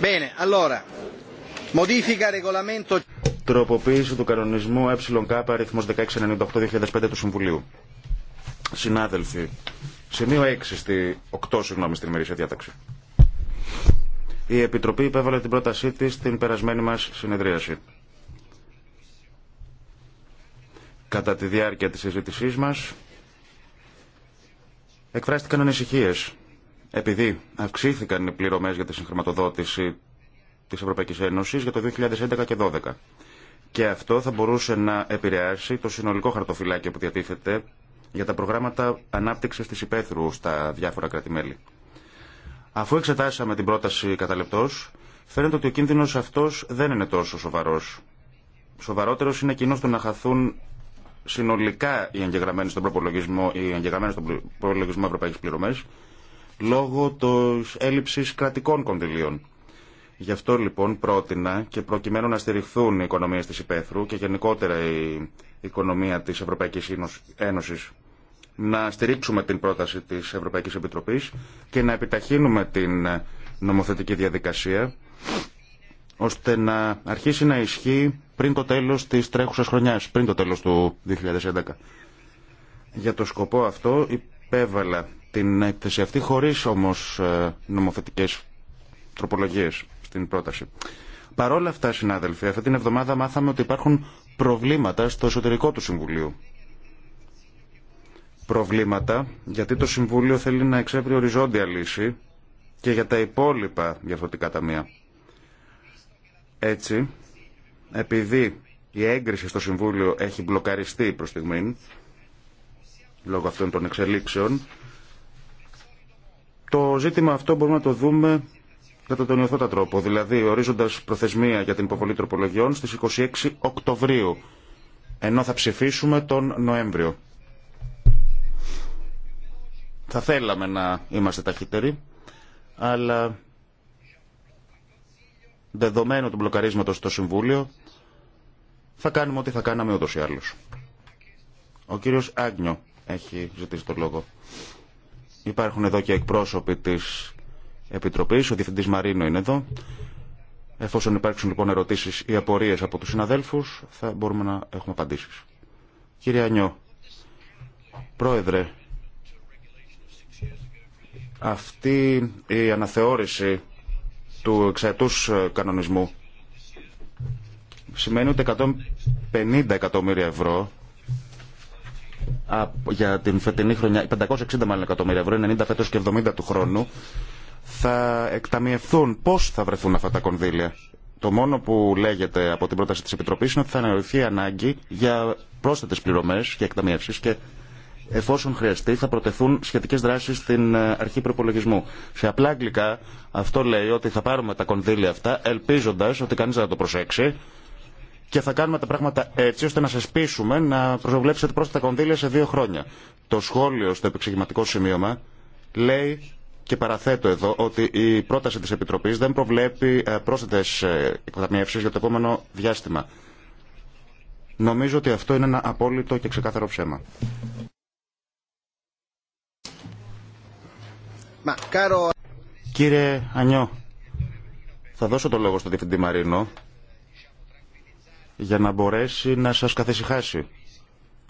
Bene, Τροποποίηση του κανονισμού ΕΚ αριθμός 1698-2005 του Συμβουλίου. Συνάδελφοι, σημείο 6 στη 8, συγγνώμη, στην ημερήσια διάταξη. Η Επιτροπή υπέβαλε την πρότασή της στην περασμένη μας συνεδρίαση. Κατά τη διάρκεια της συζήτησής μας, εκφράστηκαν ανησυχίες επειδή αυξήθηκαν οι πληρωμές για τη συγχρηματοδότηση της Ευρωπαϊκής Ένωσης για το 2011 και 2012. Και αυτό θα μπορούσε να επηρεάσει το συνολικό χαρτοφυλάκιο που διατίθεται για τα προγράμματα ανάπτυξης της υπαίθρου στα διάφορα Αφού εξετάσαμε την πρόταση κατά λεπτός, φαίνεται ότι ο κίνδυνος αυτός δεν είναι τόσο σοβαρός. Σοβαρότερος είναι εκείνος το να χαθούν συνολικά οι εγγεγραμμένοι στον προπολογισμό, οι εγγεγραμμένοι στον προπολογισμό ευρωπαϊκής πληρωμές, λόγω της έλλειψης κρατικών κονδυλίων. Γι' αυτό λοιπόν πρότεινα και προκειμένου να στηριχθούν οι οικονομίες της Υπέθρου και γενικότερα η οικονομία της Ευρωπαϊκής Ένωσης να στηρίξουμε την πρόταση της Ευρωπαϊκής Επιτροπής και να επιταχύνουμε την νομοθετική διαδικασία ώστε να αρχίσει να ισχύει πριν το τέλος της τρέχουσας χρονιάς, πριν το τέλος του 2011. Για το σκοπό αυτό υπέβαλα την έκθεση αυτή χωρίς όμως ε, νομοθετικές τροπολογίες στην πρόταση. Παρόλα αυτά, συνάδελφοι, αυτή την εβδομάδα μάθαμε ότι υπάρχουν προβλήματα στο εσωτερικό του Συμβουλίου. Προβλήματα γιατί το Συμβούλιο θέλει να εξέβρει οριζόντια λύση και για τα υπόλοιπα διαφορετικά ταμεία. Έτσι, επειδή η έγκριση στο Συμβούλιο έχει μπλοκαριστεί προς στιγμή, λόγω αυτών των εξελίξεων, το ζήτημα αυτό μπορούμε να το δούμε κατά τον ιωθώτα τρόπο, δηλαδή ορίζοντας προθεσμία για την υποβολή τροπολογιών στις 26 Οκτωβρίου, ενώ θα ψηφίσουμε τον Νοέμβριο. Θα θέλαμε να είμαστε ταχύτεροι, αλλά δεδομένου του μπλοκαρίσματος στο Συμβούλιο, θα κάνουμε ό,τι θα κάναμε ούτως ή άλλως. Ο κύριος Άγνιο έχει ζητήσει το λόγο. Υπάρχουν εδώ και εκπρόσωποι της Επιτροπής, ο Διευθυντής Μαρίνο είναι εδώ. Εφόσον υπάρξουν λοιπόν ερωτήσεις ή απορίες από τους συναδέλφους, θα μπορούμε να έχουμε απαντήσεις. Κύριε Ανιώ, Πρόεδρε, αυτή η αναθεώρηση του εξαετούς κανονισμού σημαίνει ότι 150 εκατομμύρια ευρώ για την φετινή χρονιά, 560 μάλλον εκατομμύρια ευρώ, 90 φέτος και 70 του χρόνου, θα εκταμιευθούν. Πώς θα βρεθούν αυτά τα κονδύλια. Το μόνο που λέγεται από την πρόταση της Επιτροπής είναι ότι θα αναρωθεί ανάγκη για πρόσθετες πληρωμές και εκταμιεύσεις και εφόσον χρειαστεί, θα προτεθούν σχετικές δράσεις στην ε, αρχή προπολογισμού. Σε απλά αγγλικά, αυτό λέει ότι θα πάρουμε τα κονδύλια αυτά, ελπίζοντας ότι κανείς δεν θα το προσέξει και θα κάνουμε τα πράγματα έτσι ώστε να σα πείσουμε να προσβλέψετε πρόσθετα κονδύλια σε δύο χρόνια. Το σχόλιο στο επεξηγηματικό σημείωμα λέει και παραθέτω εδώ ότι η πρόταση τη Επιτροπή δεν προβλέπει ε, πρόσθετε ε, οικοδαμιεύσει για το επόμενο διάστημα. Νομίζω ότι αυτό είναι ένα απόλυτο και ξεκάθαρο ψέμα. Μα, Κύριε Ανιώ, θα δώσω το λόγο στον Διευθυντή Μαρίνο για να μπορέσει να σας καθησυχάσει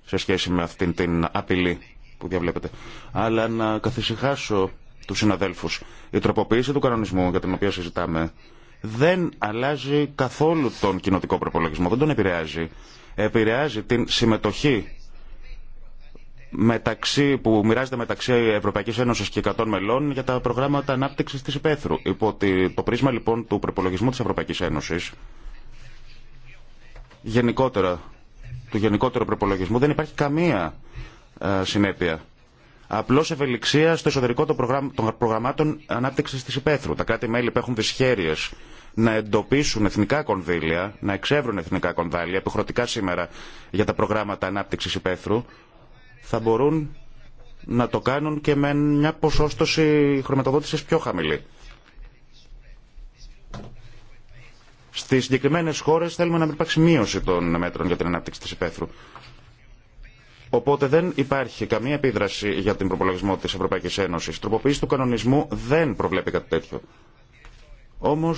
σε σχέση με αυτήν την απειλή που διαβλέπετε. Αλλά να καθησυχάσω τους συναδέλφους. Η τροποποίηση του κανονισμού για την οποία συζητάμε δεν αλλάζει καθόλου τον κοινοτικό προπολογισμό, δεν τον επηρεάζει. Επηρεάζει την συμμετοχή μεταξύ, που μοιράζεται μεταξύ Ευρωπαϊκής Ένωσης και 100 μελών για τα προγράμματα ανάπτυξης της υπαίθρου. Υπό το πρίσμα λοιπόν του προπολογισμού της Ευρωπαϊκής Ένωσης γενικότερα, του γενικότερου προπολογισμού δεν υπάρχει καμία ε, συνέπεια. Απλώ ευελιξία στο εσωτερικό των, προγραμμάτων ανάπτυξη τη υπαίθρου. Τα κράτη-μέλη που έχουν δυσχέρειε να εντοπίσουν εθνικά κονδύλια, να εξεύρουν εθνικά κονδύλια, επιχρωτικά σήμερα για τα προγράμματα ανάπτυξη υπαίθρου, θα μπορούν να το κάνουν και με μια ποσόστοση χρηματοδότηση πιο χαμηλή. Στι συγκεκριμένε χώρε θέλουμε να μην υπάρξει μείωση των μέτρων για την ανάπτυξη τη υπαίθρου. Οπότε δεν υπάρχει καμία επίδραση για την προπολογισμό τη Ευρωπαϊκή Ένωση. η Τροποποίηση του κανονισμού δεν προβλέπει κάτι τέτοιο. Όμω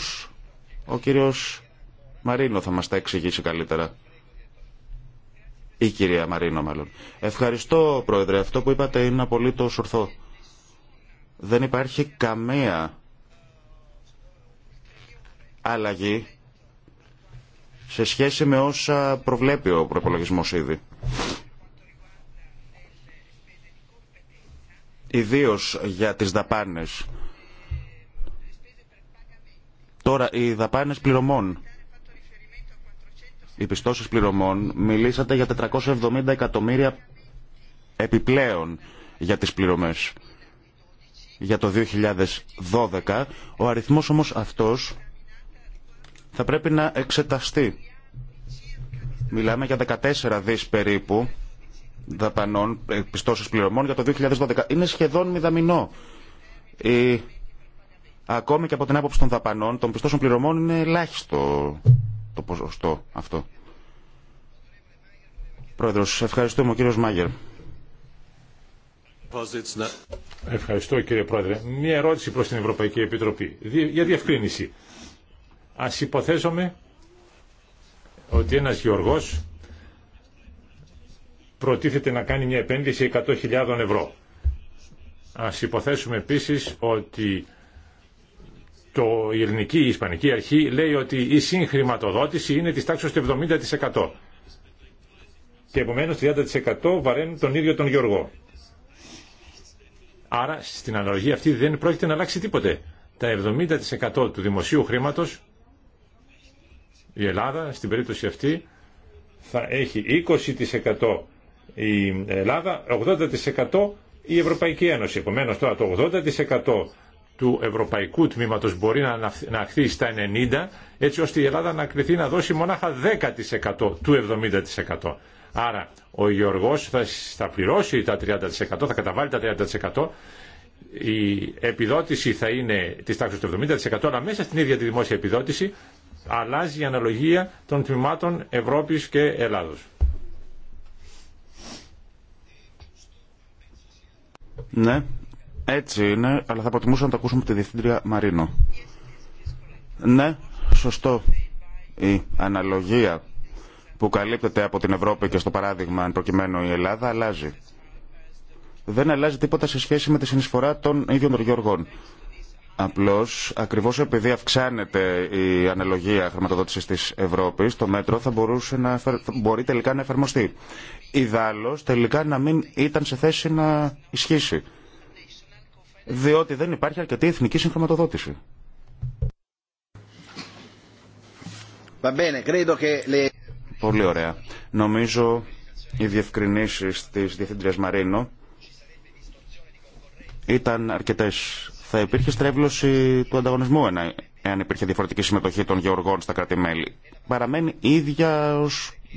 ο κύριο Μαρίνο θα μα τα εξηγήσει καλύτερα. Ή κυρία Μαρίνο μάλλον. Ευχαριστώ πρόεδρε. Αυτό που είπατε είναι απολύτω ορθό. Δεν υπάρχει καμία αλλαγή σε σχέση με όσα προβλέπει ο προπολογισμό ήδη. Ιδίως για τις δαπάνες. Τώρα, οι δαπάνες πληρωμών. Οι πιστώσεις πληρωμών. Μιλήσατε για 470 εκατομμύρια επιπλέον για τις πληρωμές για το 2012. Ο αριθμός όμως αυτός θα πρέπει να εξεταστεί. Μιλάμε για 14 δις περίπου δαπανών, ε, πιστώσεις πληρωμών για το 2012. Είναι σχεδόν μηδαμινό. Ακόμη και από την άποψη των δαπανών, των πιστώσεων πληρωμών είναι ελάχιστο το ποσοστό αυτό. Πρόεδρος, ευχαριστούμε ο κύριος Μάγερ. Ευχαριστώ κύριε Πρόεδρε. Μια ερώτηση προς την Ευρωπαϊκή Επιτροπή για διευκρίνηση. Ας υποθέσουμε ότι ένας γεωργός προτίθεται να κάνει μια επένδυση 100.000 ευρώ. Ας υποθέσουμε επίσης ότι το, η ελληνική η ισπανική αρχή λέει ότι η συγχρηματοδότηση είναι της τάξης του 70% και επομένως 30% βαραίνουν τον ίδιο τον Γιώργο. Άρα στην αναλογία αυτή δεν πρόκειται να αλλάξει τίποτε. Τα 70% του δημοσίου χρήματος η Ελλάδα στην περίπτωση αυτή θα έχει 20% η Ελλάδα, 80% η Ευρωπαϊκή Ένωση. Επομένως τώρα το 80% του ευρωπαϊκού τμήματος μπορεί να αναχθεί στα 90 έτσι ώστε η Ελλάδα να κληθεί να δώσει μονάχα 10% του 70%. Άρα ο Γεωργός θα, θα πληρώσει τα 30%, θα καταβάλει τα 30%, η επιδότηση θα είναι της τάξης του 70% αλλά μέσα στην ίδια τη δημόσια επιδότηση αλλάζει η αναλογία των τμήματων Ευρώπης και Ελλάδος. Ναι, έτσι είναι, αλλά θα προτιμούσα να το ακούσουμε από τη Διευθύντρια Μαρίνο. Ναι, σωστό. Η αναλογία που καλύπτεται από την Ευρώπη και στο παράδειγμα, αν προκειμένου η Ελλάδα, αλλάζει. Δεν αλλάζει τίποτα σε σχέση με τη συνεισφορά των ίδιων των γεωργών. Απλώ, ακριβώ επειδή αυξάνεται η αναλογία χρηματοδότηση τη Ευρώπη, το μέτρο θα, μπορούσε να, μπορεί τελικά να εφαρμοστεί. Ιδάλω, τελικά να μην ήταν σε θέση να ισχύσει. Διότι δεν υπάρχει αρκετή εθνική συγχρηματοδότηση. Πολύ ωραία. Νομίζω οι διευκρινήσει τη Διευθύντρια Μαρίνο ήταν αρκετέ θα υπήρχε στρέβλωση του ανταγωνισμού εάν υπήρχε διαφορετική συμμετοχή των γεωργών στα κράτη-μέλη. Παραμένει ίδια,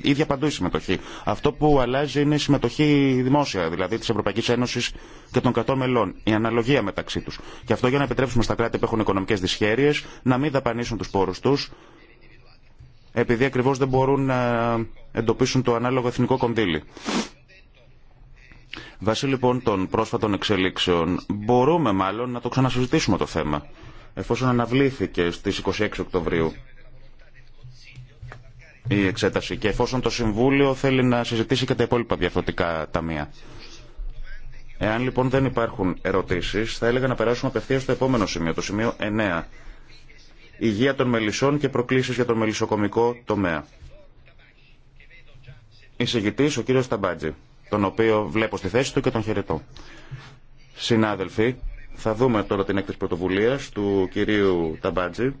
ίδια παντού η συμμετοχή. Αυτό που αλλάζει είναι η συμμετοχή δημόσια, δηλαδή τη Ευρωπαϊκή Ένωση και των κρατών μελών, η αναλογία μεταξύ του. Και αυτό για να επιτρέψουμε στα κράτη που έχουν οικονομικέ δυσχέρειε να μην δαπανίσουν του πόρου του, επειδή ακριβώ δεν μπορούν να εντοπίσουν το ανάλογο εθνικό κονδύλι. Βάσει λοιπόν των πρόσφατων εξελίξεων, μπορούμε μάλλον να το ξανασυζητήσουμε το θέμα, εφόσον αναβλήθηκε στις 26 Οκτωβρίου η εξέταση και εφόσον το Συμβούλιο θέλει να συζητήσει και τα υπόλοιπα διαφορετικά ταμεία. Εάν λοιπόν δεν υπάρχουν ερωτήσεις, θα έλεγα να περάσουμε απευθείας στο επόμενο σημείο, το σημείο 9. Υγεία των μελισσών και προκλήσεις για τον μελισσοκομικό τομέα. Εισηγητής ο κύριος Ταμπάτζη τον οποίο βλέπω στη θέση του και τον χαιρετώ. Συνάδελφοι, θα δούμε τώρα την έκθεση πρωτοβουλία του κυρίου Ταμπάτζη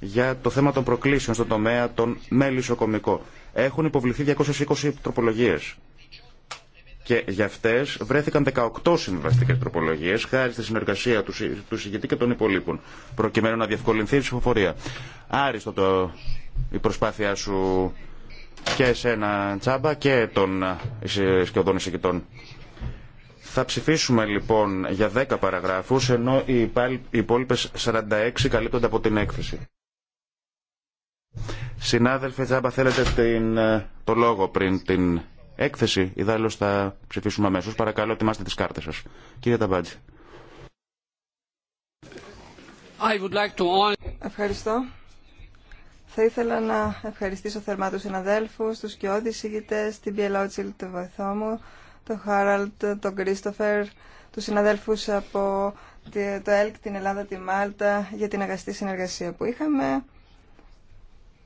για το θέμα των προκλήσεων στον τομέα των μέλισσοκομικών. Έχουν υποβληθεί 220 τροπολογίε. Και για αυτέ βρέθηκαν 18 συμβαστικέ τροπολογίε, χάρη στη συνεργασία του, του και των υπολείπων, προκειμένου να διευκολυνθεί η ψηφοφορία. Άριστο το, η προσπάθειά σου, και εσένα Τσάμπα και των σχεδόν εισηγητών. Θα ψηφίσουμε λοιπόν για 10 παραγράφους ενώ οι υπόλοιπε 46 καλύπτονται από την έκθεση. Συνάδελφε Τσάμπα θέλετε την, ε, το λόγο πριν την έκθεση. δάλλως θα ψηφίσουμε αμέσως. Παρακαλώ ετοιμάστε τις κάρτες σας. Κύριε Ταμπάτζη. Like Ευχαριστώ. Θα ήθελα να ευχαριστήσω θερμά τους συναδέλφους, τους κοιόδης ηγητές, την Πιελότσιλ, του βοηθό μου, τον Χάραλτ, τον Κρίστοφερ, τους συναδέλφους από το ΕΛΚ, την Ελλάδα, τη Μάλτα για την αγαστή συνεργασία που είχαμε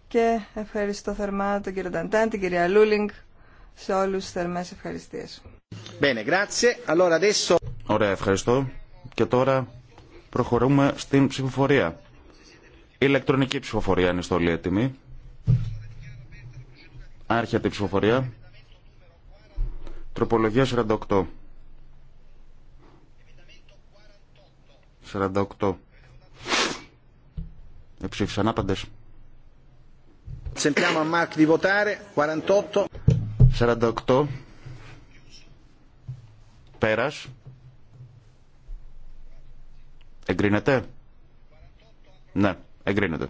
και ευχαριστώ θερμά τον κύριο Νταντάν, την κυρία Λούλινγκ, σε όλους τις θερμές ευχαριστίες. Ωραία, ευχαριστώ. Και τώρα προχωρούμε στην ψηφοφορία. Ηλεκτρονική ψηφοφορία είναι στο έτοιμη. Άρχεται η ψηφοφορία. Τροπολογία 48. 48. Εψήφισαν άπαντες. 48. 48. Πέρας. Εγκρίνεται. Ναι. Εγκρίνεται.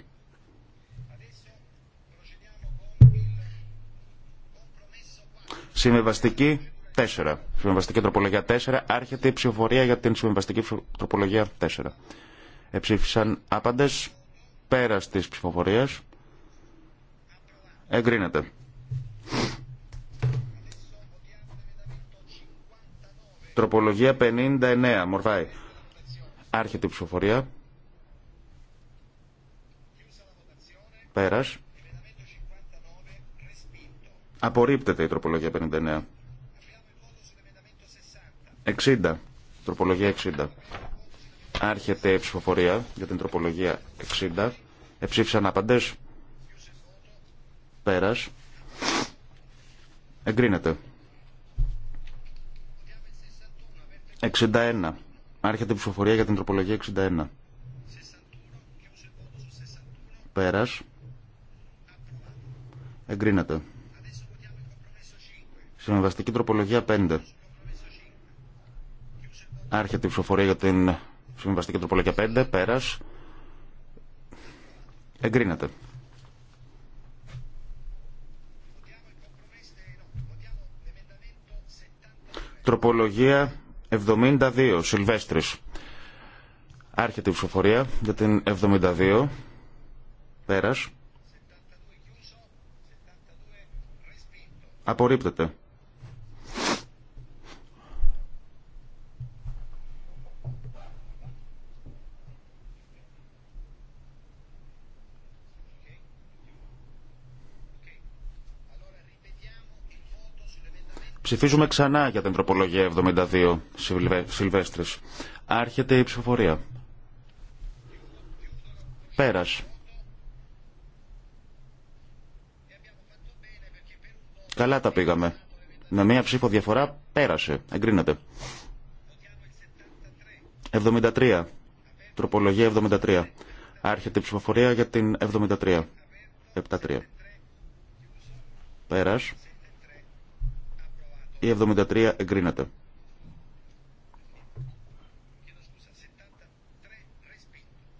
Συμβεβαστική 4. Συμβεβαστική τροπολογία 4. Άρχεται η ψηφοφορία για την συμβεβαστική τροπολογία 4. Εψήφισαν άπαντε πέρα τη ψηφοφορία. Εγκρίνεται. Τροπολογία 59. Μορφάει. Άρχεται η ψηφοφορία. Πέρας. Απορρίπτεται η τροπολογία 59. 60. Τροπολογία 60. Άρχεται η ψηφοφορία για την τροπολογία 60. Εψήφισαν άπαντες. Πέρας. Εγκρίνεται. 61. Άρχεται η ψηφοφορία για την τροπολογία 61. Πέρας. Εγκρίνεται. Συμβαστική τροπολογία 5. Άρχεται η ψηφοφορία για την συμβαστική τροπολογία 5. Πέρας. Εγκρίνεται. Τροπολογία 72. Σιλβέστρης. Άρχεται η ψηφοφορία για την 72. Πέρας. Απορρίπτεται. Ψηφίζουμε ξανά για την τροπολογία 72 Σιλβέστρης. Άρχεται η ψηφοφορία. Πέρας. Καλά τα πήγαμε. Με μία ψήφο διαφορά πέρασε. Εγκρίνεται. 73. Τροπολογία 73. Άρχεται η ψηφοφορία για την 73. 73. Πέρας. Η 73 εγκρίνεται.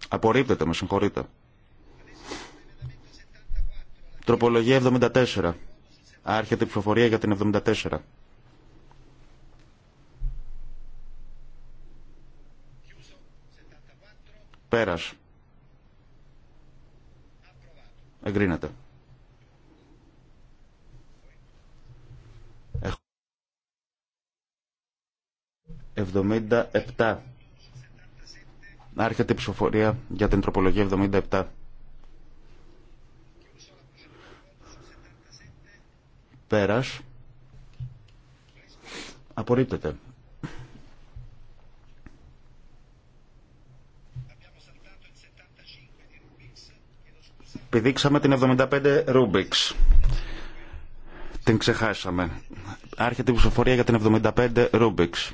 Απορρίπτεται, με συγχωρείτε. Τροπολογία 74. Άρχεται η ψηφοφορία για την 74. Πέρας. Εγκρίνεται. Έχω... 77. Άρχεται η ψηφοφορία για την τροπολογία 77. Πέρας. Απορρίπτεται. Πηδήξαμε την 75 Ρούμπιξ. Την ξεχάσαμε. Άρχεται η ψηφοφορία για την 75 Ρούμπιξ.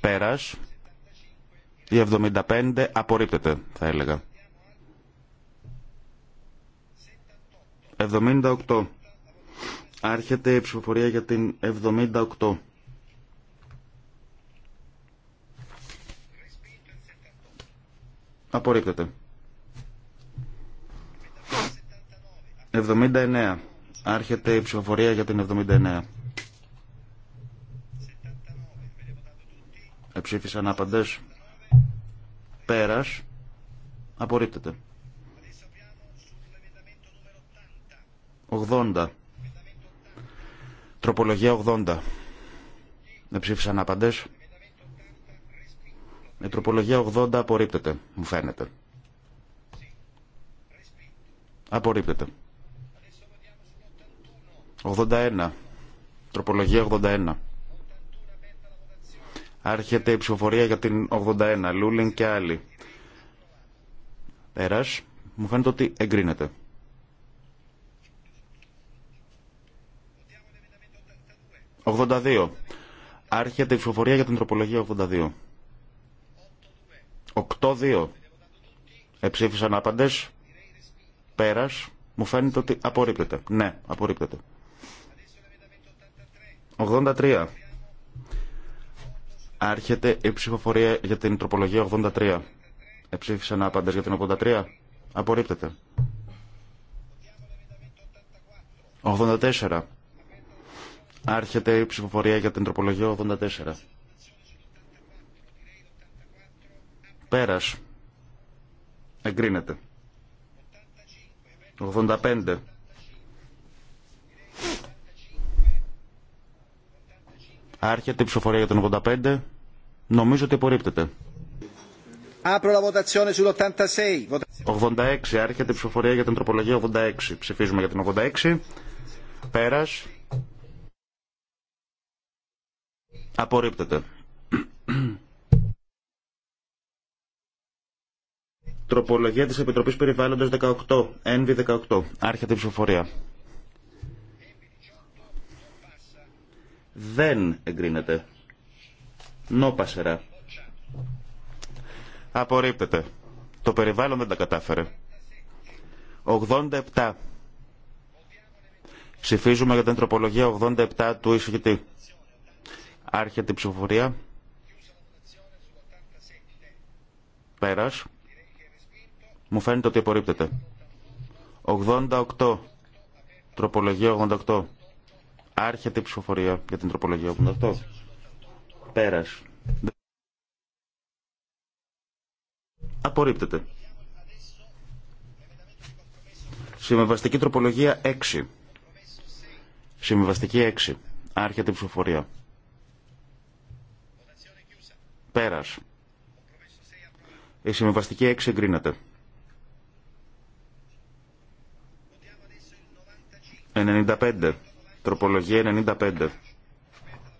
Πέρας. Η 75 απορρίπτεται, θα έλεγα. 78. Άρχεται η ψηφοφορία για την 78. Απορρίπτεται. 79. Άρχεται η ψηφοφορία για την 79. Εψήφισαν άπαντες. Πέρας. Απορρίπτεται. 80. Τροπολογία 80. Δεν ψήφισαν άπαντε. Η τροπολογία 80 απορρίπτεται, μου φαίνεται. Απορρίπτεται. 81. Τροπολογία 81. Άρχεται η ψηφοφορία για την 81. Λούλιν και άλλοι. Πέρας. Μου φαίνεται ότι εγκρίνεται. 82. Άρχεται η ψηφοφορία για την τροπολογία 82. 8-2. Εψήφισαν άπαντε. Πέρα. Μου φαίνεται ότι απορρίπτεται. Ναι, απορρίπτεται. 83. Άρχεται η ψηφοφορία για την τροπολογία 83. Εψήφισαν άπαντε για την 83. Απορρίπτεται. 84. Άρχεται η ψηφοφορία για την τροπολογία 84. Πέρας. Εγκρίνεται. 85. Άρχεται η ψηφοφορία για τον 85. Νομίζω ότι απορρίπτεται. 86. Άρχεται η ψηφοφορία για την τροπολογία 86. Ψηφίζουμε για την 86. Πέρας. Απορρίπτεται. Τροπολογία της Επιτροπής Περιβάλλοντος 18, ένβη 18, άρχεται η ψηφοφορία. Δεν εγκρίνεται. Νόπασερα. Απορρίπτεται. Το περιβάλλον δεν τα κατάφερε. 87. Ψηφίζουμε για την τροπολογία 87 του εισηγητή. Άρχεται η ψηφοφορία. Πέρας. Μου φαίνεται ότι απορρίπτεται. 88. Τροπολογία 88. Άρχεται η ψηφοφορία για την τροπολογία 88. Πέρας. Απορρίπτεται. Συμβαστική τροπολογία 6. Συμβαστική 6. Άρχεται η ψηφοφορία. Η συμβαστική 6 εγκρίνεται. 95. Τροπολογία 95.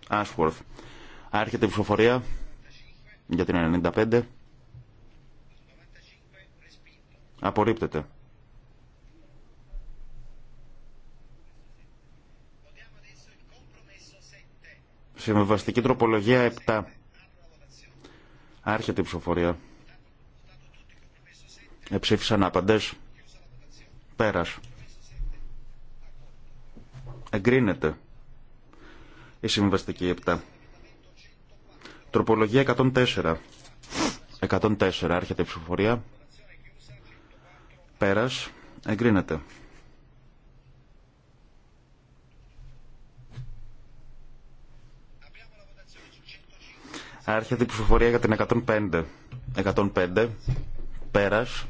Ashworth. Άρχεται η ψηφοφορία για την 95. Απορρίπτεται. Συμβαστική τροπολογία 7. Άρχεται η ψηφοφορία. Εψήφισαν άπαντες. Πέρας. Εγκρίνεται. Η συμβαστική 7. Τροπολογία 104. 104. Άρχεται η ψηφοφορία. Πέρας. Εγκρίνεται. Άρχεται η ψηφοφορία για την 105. 105. Πέρας.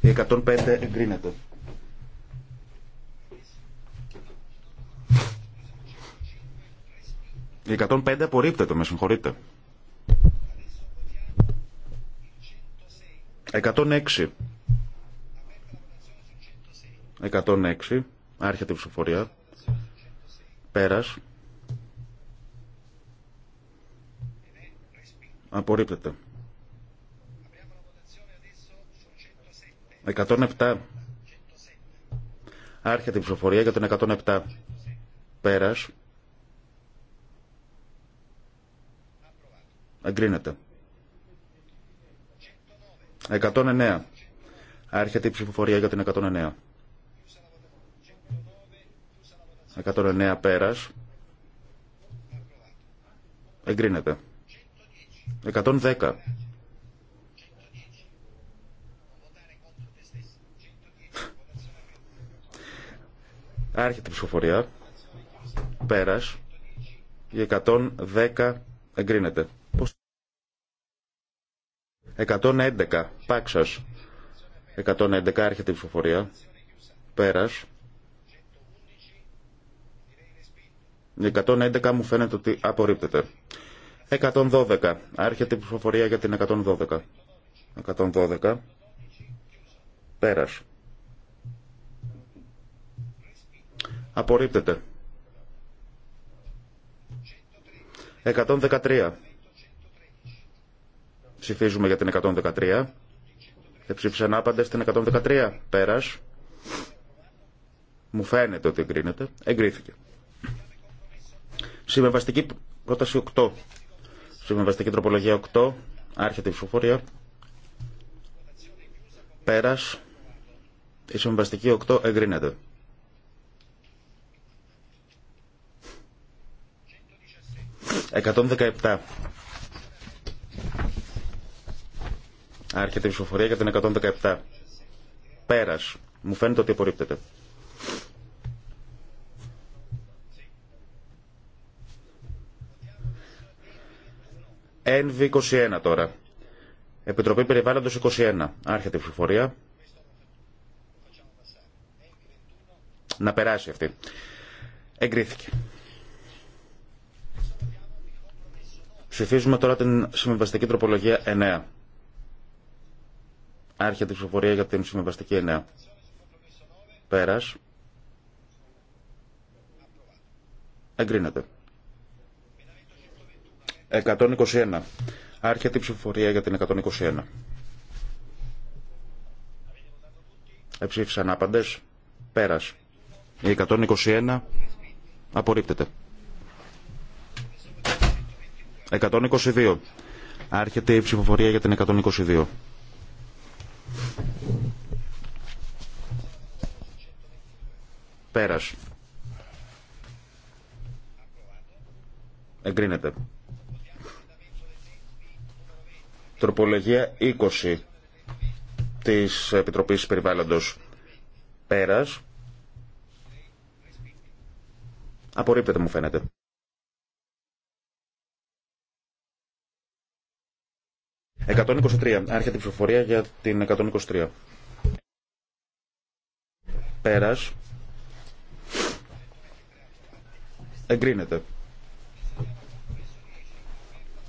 Η 105 εγκρίνεται. Η 105 απορρίπτεται, με συγχωρείτε. 106. 106. Άρχεται η ψηφοφορία. Πέρας. Απορρίπτεται. 107. Άρχεται η ψηφοφορία για τον 107. Πέρας. Εγκρίνεται. 109. Άρχεται η ψηφοφορία για την 109. 109 πέρας. Εγκρίνεται. 110. Άρχεται η ψηφοφορία. Πέρας. Η 110 εγκρίνεται. 111. Πάξας. 111 άρχεται η ψηφοφορία. Πέρας. Η 111 μου φαίνεται ότι απορρίπτεται. 112. Άρχεται η ψηφοφορία για την 112. 112. Πέρας. Απορρίπτεται. 113. Ψηφίζουμε για την 113. Εψήφισαν άπαντες στην 113. Πέρας. Μου φαίνεται ότι εγκρίνεται. Εγκρίθηκε. Συμβεβαστική πρόταση 8. Συμβαστική τροπολογία 8. Άρχεται η ψηφοφορία. Πέρας. Η συμβαστική 8 εγκρίνεται. 117. Άρχεται η ψηφοφορία για την 117. Πέρας. Μου φαίνεται ότι απορρίπτεται. ΕΝΒΙ 21. Άρχεται η ψηφοφορία. Να περάσει αυτή. Εγκρίθηκε. Ψηφίζουμε τώρα την συμβιβαστική τροπολογία 9. Άρχεται η ψηφοφορία για την συμβιβαστική 9. Πέρας. Εγκρίνεται. 121. Άρχεται η ψηφοφορία για την 121. Εψήφισαν άπαντες. Πέρας. Η 121 απορρίπτεται. 122. Άρχεται η ψηφοφορία για την 122. Πέρας. Εγκρίνεται. Τροπολογία 20 της Επιτροπής Περιβάλλοντος πέρας. Απορρίπτεται μου φαίνεται. «123. Άρχεται η ψηφοφορία για την 123. Πέρας. Εγκρίνεται.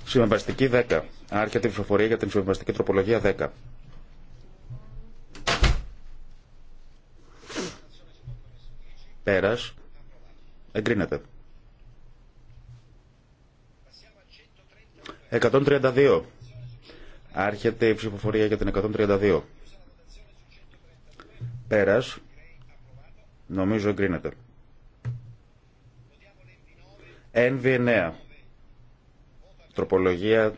Συμβαστική 10. Άρχεται η ψηφοφορία για την συμβαστική τροπολογία 10. Πέρας. Εγκρίνεται. 132. Άρχεται η ψηφοφορία για την 132. Πέρας. Νομίζω εγκρίνεται. NV9. Τροπολογία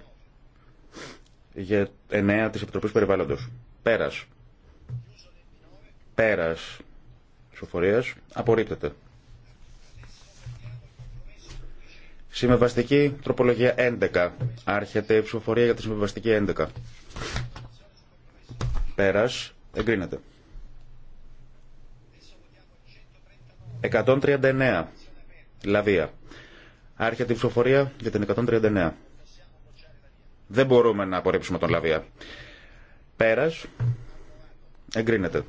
για 9 της Επιτροπής Περιβάλλοντος. Πέρας. Πέρας ψηφοφορίας. Απορρίπτεται. Συμμεβαστική τροπολογία 11. Άρχεται η ψηφοφορία για τη συμμεβαστική 11. Πέρας. Εγκρίνεται. 139. Λαβία. Άρχεται η ψηφοφορία για την 139. Δεν μπορούμε να απορρίψουμε τον Λαβία. Πέρας. Εγκρίνεται.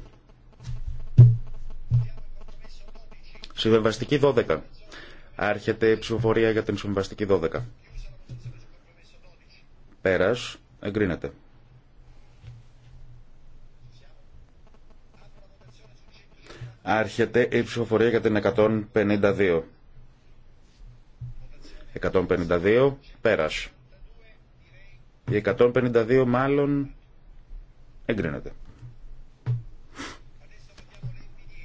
Συμβεβαστική 12. Άρχεται η ψηφοφορία για την συμβεβαστική 12. Πέρας. Εγκρίνεται. Άρχεται η ψηφοφορία για την 152. 152. Πέρας. Οι 152 μάλλον εγκρίνεται.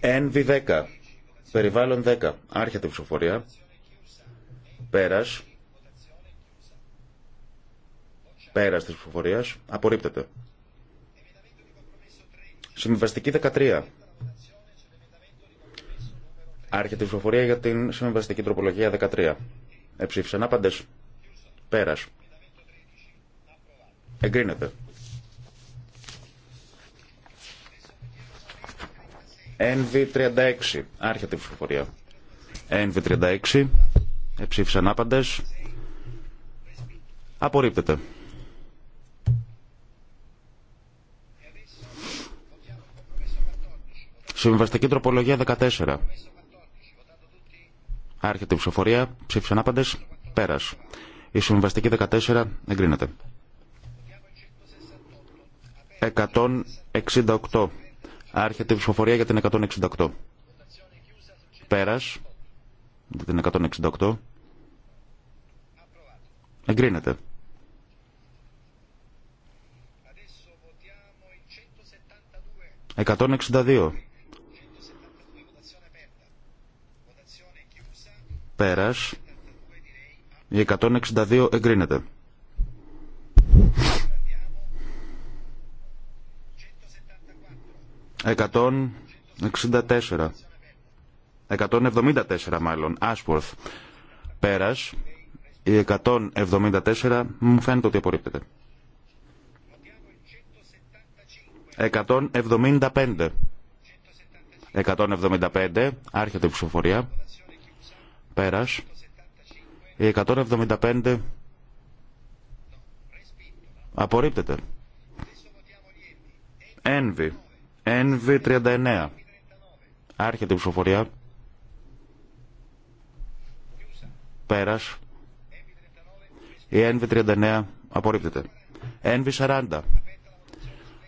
NV10. Περιβάλλον 10. Άρχεται η ψηφοφορία. Πέρας. Πέρας της ψηφοφορίας. Απορρίπτεται. Συμβαστική 13. Άρχεται η ψηφοφορία για την συμβαστική τροπολογία 13. Εψήφισαν άπαντες. Πέρας. Εγκρίνεται. nv 36. Άρχεται η ψηφοφορία. NV36. Εψήφισαν άπαντε. Απορρίπτεται. Συμβαστική τροπολογία 14. Άρχεται η ψηφοφορία. Ψήφισαν άπαντε. Πέρα. Η συμβαστική 14 εγκρίνεται. 168. Άρχεται η ψηφοφορία για την 168. Πέρας. Για την 168. Εγκρίνεται. Εκατόν Πέρας. Η 162 εγκρίνεται. 164. 174 μάλλον. Άσπορθ. Πέρας. Η 174 μου φαίνεται ότι απορρίπτεται. 175. 175. Άρχεται η ψηφοφορία. Πέρας. Η 175 απορρίπτεται. Envy. NV39. Άρχεται η ψηφοφορία. Πέρας. Η NV39 απορρίπτεται. NV40.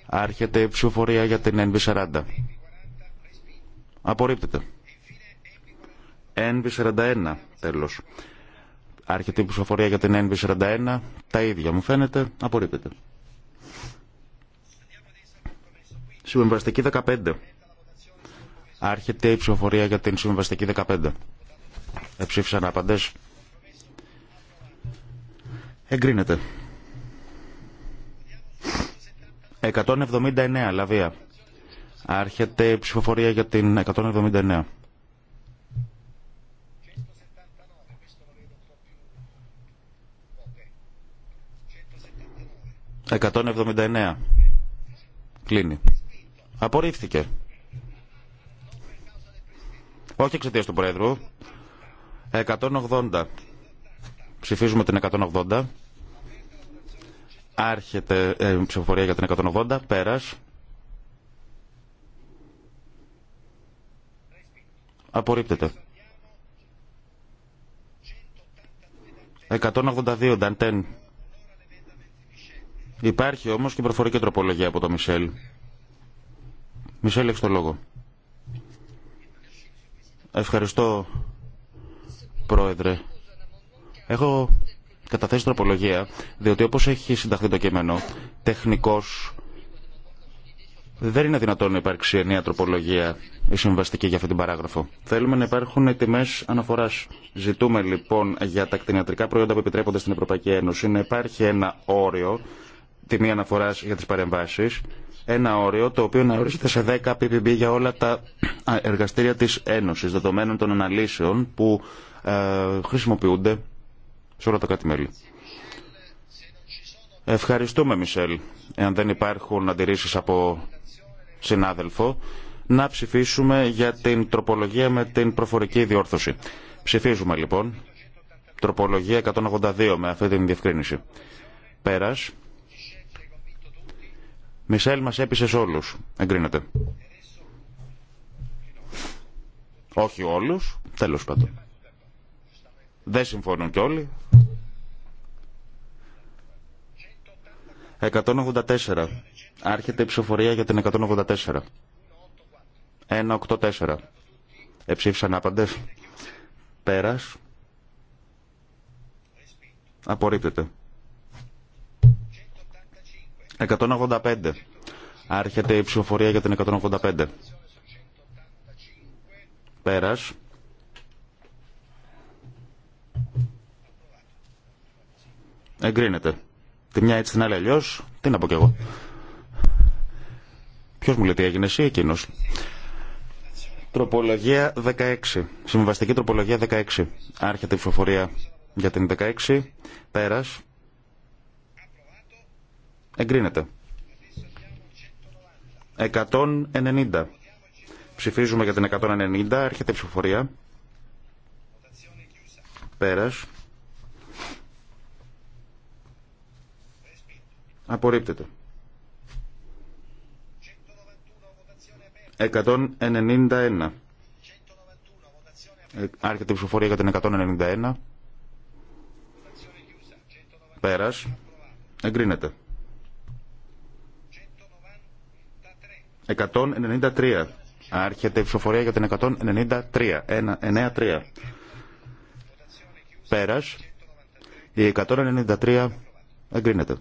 Άρχεται η ψηφοφορία για την NV40. Απορρίπτεται. NV41 τέλος. Άρχεται η ψηφοφορία για την NV41. Τα ίδια μου φαίνεται. Απορρίπτεται. Συμβαστική 15. Άρχεται η ψηφοφορία για την συμβαστική 15. Εψήφισαν απαντές. Εγκρίνεται. 179 Λαβία. Άρχεται η ψηφοφορία για την 179. 179. Κλείνει. Απορρίφθηκε. Όχι εξαιτία του Πρόεδρου. 180. Ψηφίζουμε την 180. Άρχεται ε, ψηφοφορία για την 180. Πέρας. Απορρίπτεται. 182. Νταντέν. Υπάρχει όμως και προφορική τροπολογία από το Μισελ. Μισό το λόγο. Ευχαριστώ, Πρόεδρε. Έχω καταθέσει τροπολογία, διότι όπως έχει συνταχθεί το κείμενο, τεχνικός δεν είναι δυνατόν να υπάρξει ενιαία τροπολογία η συμβαστική για αυτή την παράγραφο. Θέλουμε να υπάρχουν τιμέ αναφορά. Ζητούμε λοιπόν για τα κτηνιατρικά προϊόντα που επιτρέπονται στην Ευρωπαϊκή Ένωση να υπάρχει ένα όριο τιμή αναφορά για τι παρεμβάσει ένα όριο το οποίο να ορίζεται σε 10 ppb για όλα τα εργαστήρια της Ένωσης δεδομένων των αναλύσεων που ε, χρησιμοποιούνται σε όλα τα κάτι μέλη. Ευχαριστούμε, Μισελ, εάν δεν υπάρχουν αντιρρήσεις από συνάδελφο, να ψηφίσουμε για την τροπολογία με την προφορική διόρθωση. Ψηφίζουμε, λοιπόν, τροπολογία 182 με αυτή την διευκρίνηση. Πέρας. Μισελ μας έπεισες όλους. Εγκρίνεται. Όχι όλους, τέλος πάντων. Δεν συμφωνούν κι όλοι. 184. Άρχεται η ψηφοφορία για την 184. 184. Εψήφισαν άπαντες. Πέρας. Απορρίπτεται. 185. Άρχεται η ψηφοφορία για την 185. Πέρας. Εγκρίνεται. Τη μια έτσι την άλλη αλλιώ. Τι να πω κι εγώ. Ποιο μου λέει τι έγινε, εσύ εκείνο. Τροπολογία 16. Συμβαστική τροπολογία 16. Άρχεται η ψηφοφορία για την 16. Πέρας. Εγκρίνεται. 190. Ψηφίζουμε για την 190. Έρχεται η ψηφοφορία. Πέρας. Απορρίπτεται. 191. Ε, άρχεται η ψηφοφορία για την 191. Πέρας. Εγκρίνεται. 193. Άρχεται η ψηφοφορία για την 193. 193. Πέρας. Η 193 εγκρίνεται.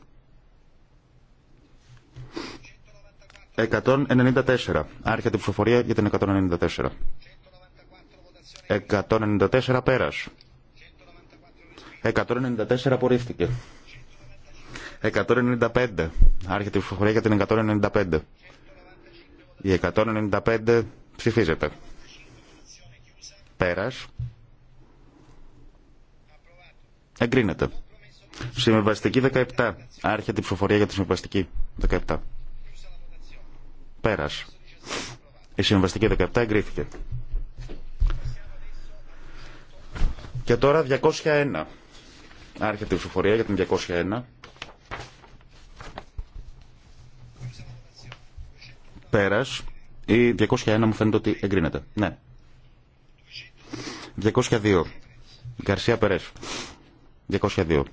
194. Άρχεται η ψηφοφορία για την 194. 194 πέρα. 194 απορρίφθηκε. 195. Άρχεται η ψηφοφορία για την 195. Η 195 ψηφίζεται. Πέρας. Εγκρίνεται. Συμβαστική 17. Άρχεται η ψηφοφορία για τη συμβαστική 17. Πέρας. Η συμβαστική 17 εγκρίθηκε. Και τώρα 201. Άρχεται η ψηφοφορία για την 201. πέρα. Η 201 μου φαίνεται ότι εγκρίνεται. Ναι. 202. Γκαρσία Περέ. 202.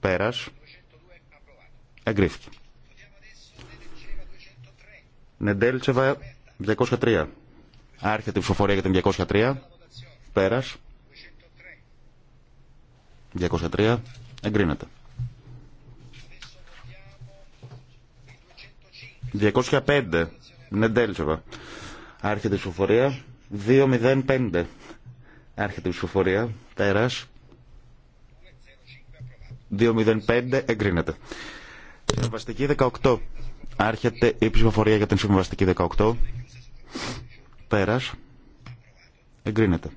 Πέρας. Εγκρίθηκε. Νεντέλτσεβα 203. Άρχεται η ψηφοφορία για την 203. Πέρας. 203. Εγκρίνεται. 205. Νεντέλτσεβα. Ναι, Άρχεται η ψηφοφορία. 205. Άρχεται η ψηφοφορία. Πέρας. 205 εγκρίνεται. Συμβαστική 18. Άρχεται η ψηφοφορία για την συμβαστική 18. Πέρα. Εγκρίνεται.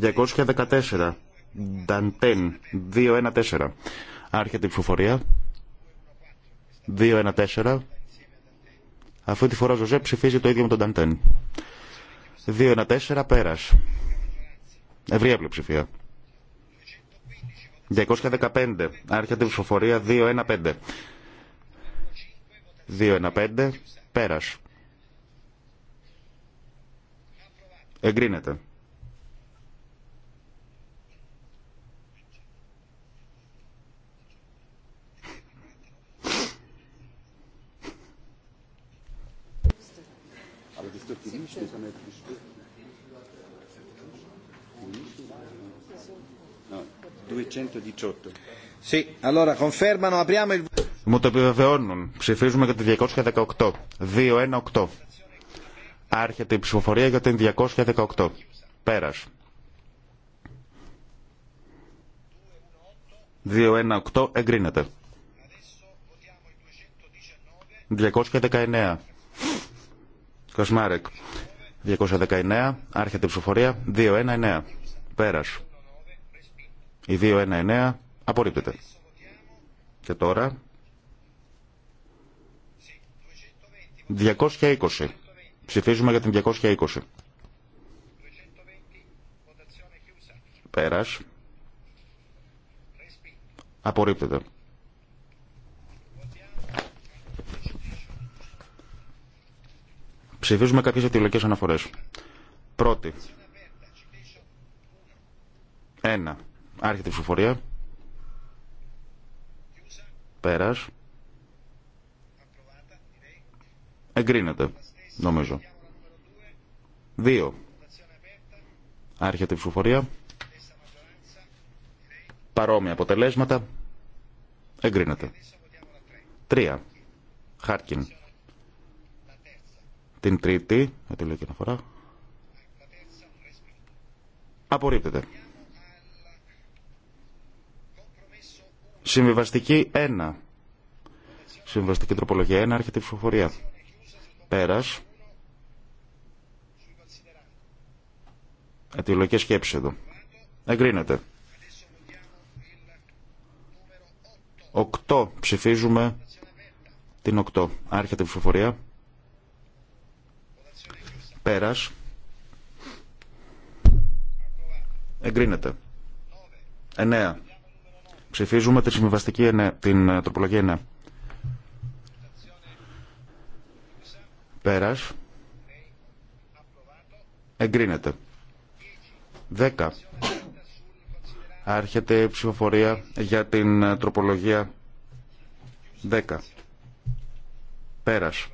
214. Νταντέν. 214. Άρχεται η ψηφοφορία. 2-1-4. Αυτή τη φορά ο Ζωζέ ψηφίζει το ίδιο με τον Ταντέν. 2-1-4 4 περα Ευρία πλειοψηφία. 215. Άρχεται η ψηφοφορία 2-1-5. 2-1-5 5 περα Εγκρίνεται. Ναι. Μου το επιβεβαιώνουν. Ψηφίζουμε για το 218. 218. Άρχεται η ψηφοφορία για την 218. Πέρας. 218 εγκρίνεται. 219. Κοσμάρεκ. 219, άρχεται η ψηφοφορία, 219, πέρας. Η 219 απορρίπτεται. Και τώρα, 220. Ψηφίζουμε για την 220. Πέρας. Απορρίπτεται. Ψηφίζουμε κάποιες αιτιολογικές αναφορές. Πρώτη. Ένα. Άρχεται η ψηφοφορία. Πέρας. Εγκρίνεται, νομίζω. Δύο. Άρχεται η ψηφοφορία. Παρόμοια αποτελέσματα. Εγκρίνεται. Τρία. Χάρκιν. Την τρίτη, αιτιολογική αναφορά, απορρίπτεται. Συμβιβαστική 1. Συμβιβαστική τροπολογία 1, άρχεται η ψηφοφορία. Πέρας. Αιτιολογική σκέψη εδώ. Εγκρίνεται. 8. Ψηφίζουμε την 8. Άρχεται η ψηφοφορία. Πέρας. Εγκρίνεται. 9. Ψηφίζουμε τη συμβιβαστική την ε, τροπολογία 1. Πέρας. Εγκρίνεται. 10. Άρχεται η ψηφοφορία για την ε, τροπολογία 10. Πέρας.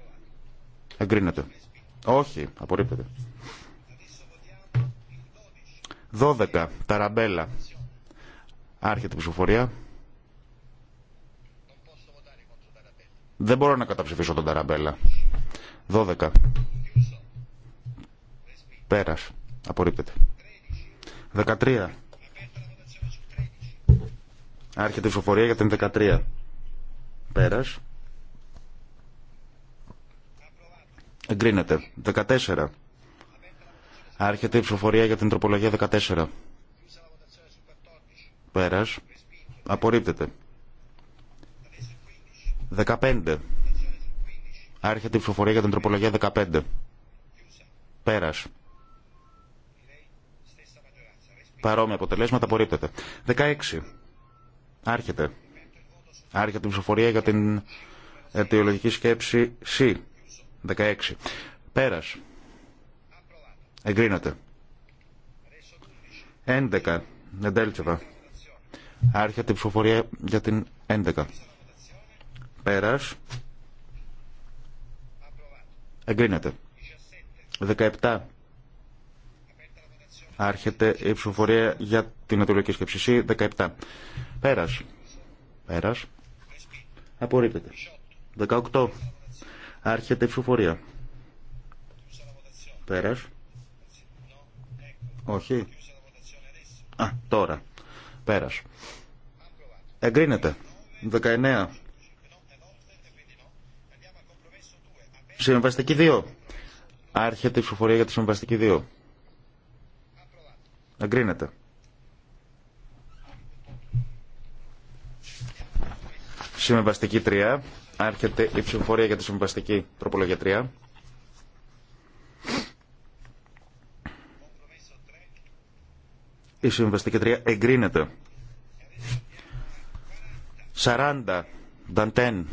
Εγκρίνεται. Όχι, απορρίπτεται. 12. Ταραμπέλα. Άρχεται η ψηφοφορία. Δεν μπορώ να καταψηφίσω τον Ταραμπέλα. 12. Πέρα. Απορρίπτεται. 13. Άρχεται η ψηφοφορία για την 13. Πέρας. Εγκρίνεται. 14. Άρχεται η ψηφοφορία για την τροπολογία 14. Πέρα, Απορρίπτεται. 15. Άρχεται η ψηφοφορία για την τροπολογία 15. Πέρα. Παρόμοια αποτελέσματα απορρίπτεται. 16. Άρχεται. Άρχεται η ψηφοφορία για την αιτιολογική σκέψη C. 16. Πέρας. Εγκρίνεται. 11. Εντέλτσεβα. Άρχεται η ψηφοφορία για την 11. Πέρα. Εγκρίνεται. 17. Άρχεται η ψηφοφορία για την ατολική σκέψη. 17. Πέρα, πέρα. Απορρίπτεται. 18. Άρχεται η ψηφοφορία. Πέρα. Όχι. Α, τώρα. Πέρα. Εγκρίνεται. 19. Συμβαστική 2. Άρχεται η ψηφοφορία για τη συμβαστική 2. Εγκρίνεται. Συμβαστική 3. Άρχεται η ψηφοφορία για τη συμβαστική τροπολογιατρία. Η συμβαστική τριά εγκρίνεται. 40. Δαντέν.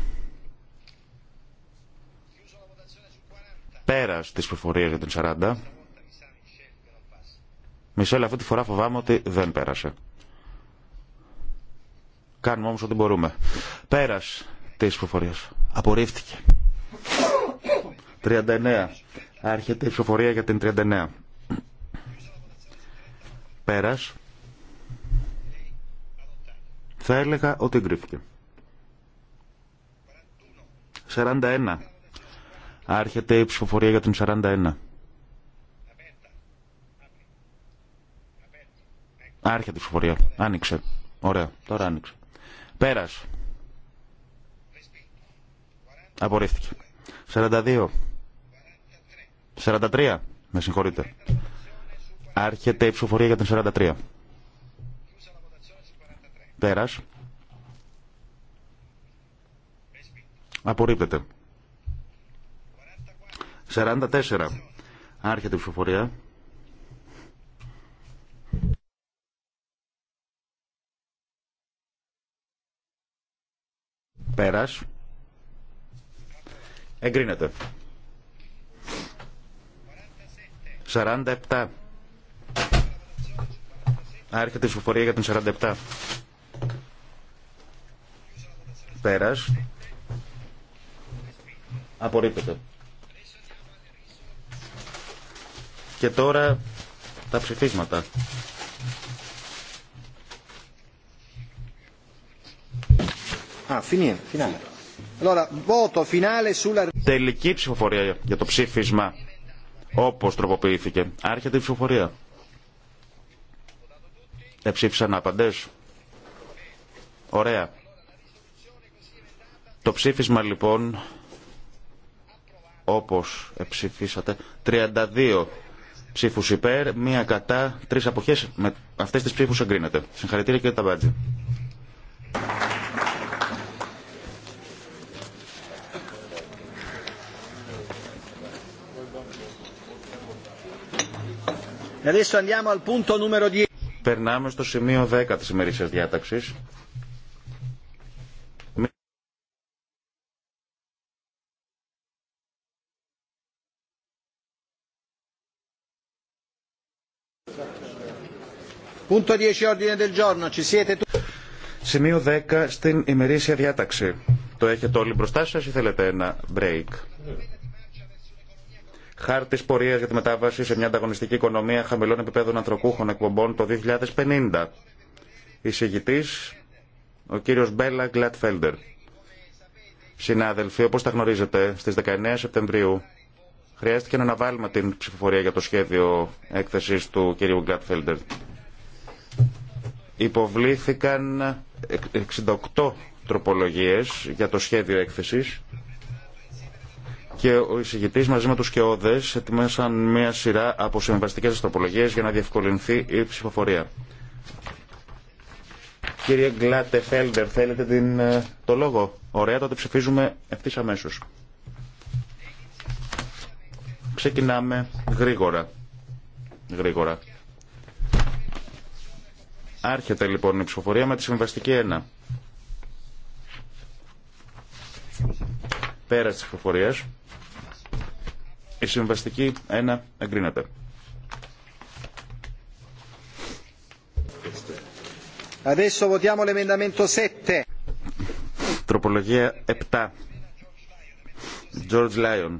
Πέρα τη ψηφοφορία για την 40. Μισελ, αυτή τη φορά φοβάμαι ότι δεν πέρασε. Κάνουμε όμως ό,τι μπορούμε. Πέρας της ψηφοφορίας. Απορρίφθηκε. 39. Άρχεται η ψηφοφορία για την 39. Πέρας. Θα έλεγα ότι εγκρίθηκε. 41. Άρχεται η ψηφοφορία για την 41. Άρχεται η ψηφοφορία. Άνοιξε. Ωραία. Τώρα άνοιξε. Πέρας. Απορρίφθηκε. 42. 43. Με συγχωρείτε. Άρχεται η ψηφοφορία για την 43. Πέρας. Απορρίπτεται. 44. Άρχεται η ψηφοφορία. Πέρας. Εγκρίνεται. 47. Άρχεται η ψηφοφορία για την 47. Πέρας. Απορρίπτεται. Και τώρα τα ψηφίσματα. Α, φινία, φινάλε. Τελική ψηφοφορία για το ψήφισμα όπως τροποποιήθηκε. Άρχεται η ψηφοφορία. Εψήφισαν απαντές. Ωραία. Το ψήφισμα λοιπόν, όπως έψηφισατε, 32 ψήφους υπέρ, μία κατά, τρεις αποχές. Με αυτές τις ψήφους εγκρίνεται. Συγχαρητήρια τα Ταμπάτζη. E Περνάμε στο σημείο 10 της ημερήσιας διάταξης. Σημείο 10 στην ημερήσια διάταξη. Το έχετε όλοι μπροστά σας ή θέλετε ένα break χάρτη πορεία για τη μετάβαση σε μια ανταγωνιστική οικονομία χαμηλών επιπέδων ανθρωπούχων εκπομπών το 2050. Εισηγητή, ο κύριο Μπέλα Γκλατφέλντερ. Συνάδελφοι, όπω τα γνωρίζετε, στι 19 Σεπτεμβρίου χρειάστηκε να αναβάλουμε την ψηφοφορία για το σχέδιο έκθεση του κυρίου Γκλατφέλντερ. Υποβλήθηκαν 68 τροπολογίες για το σχέδιο έκθεσης και ο εισηγητή μαζί με του Κεώδε ετοιμάσαν μία σειρά από συμβαστικέ αστροπολογίε για να διευκολυνθεί η ψηφοφορία. Κύριε Γκλάτε Φέλντερ, θέλετε την, ε, το λόγο. Ωραία, τότε ψηφίζουμε ευθύ αμέσω. Ξεκινάμε γρήγορα. Γρήγορα. Άρχεται λοιπόν η ψηφοφορία με τη συμβαστική 1. Πέρα τη ψηφοφορία. Η συμβαστική 1 εγκρίνεται. Adesso votiamo l'emendamento 7. Τροπολογία 7. George Lyon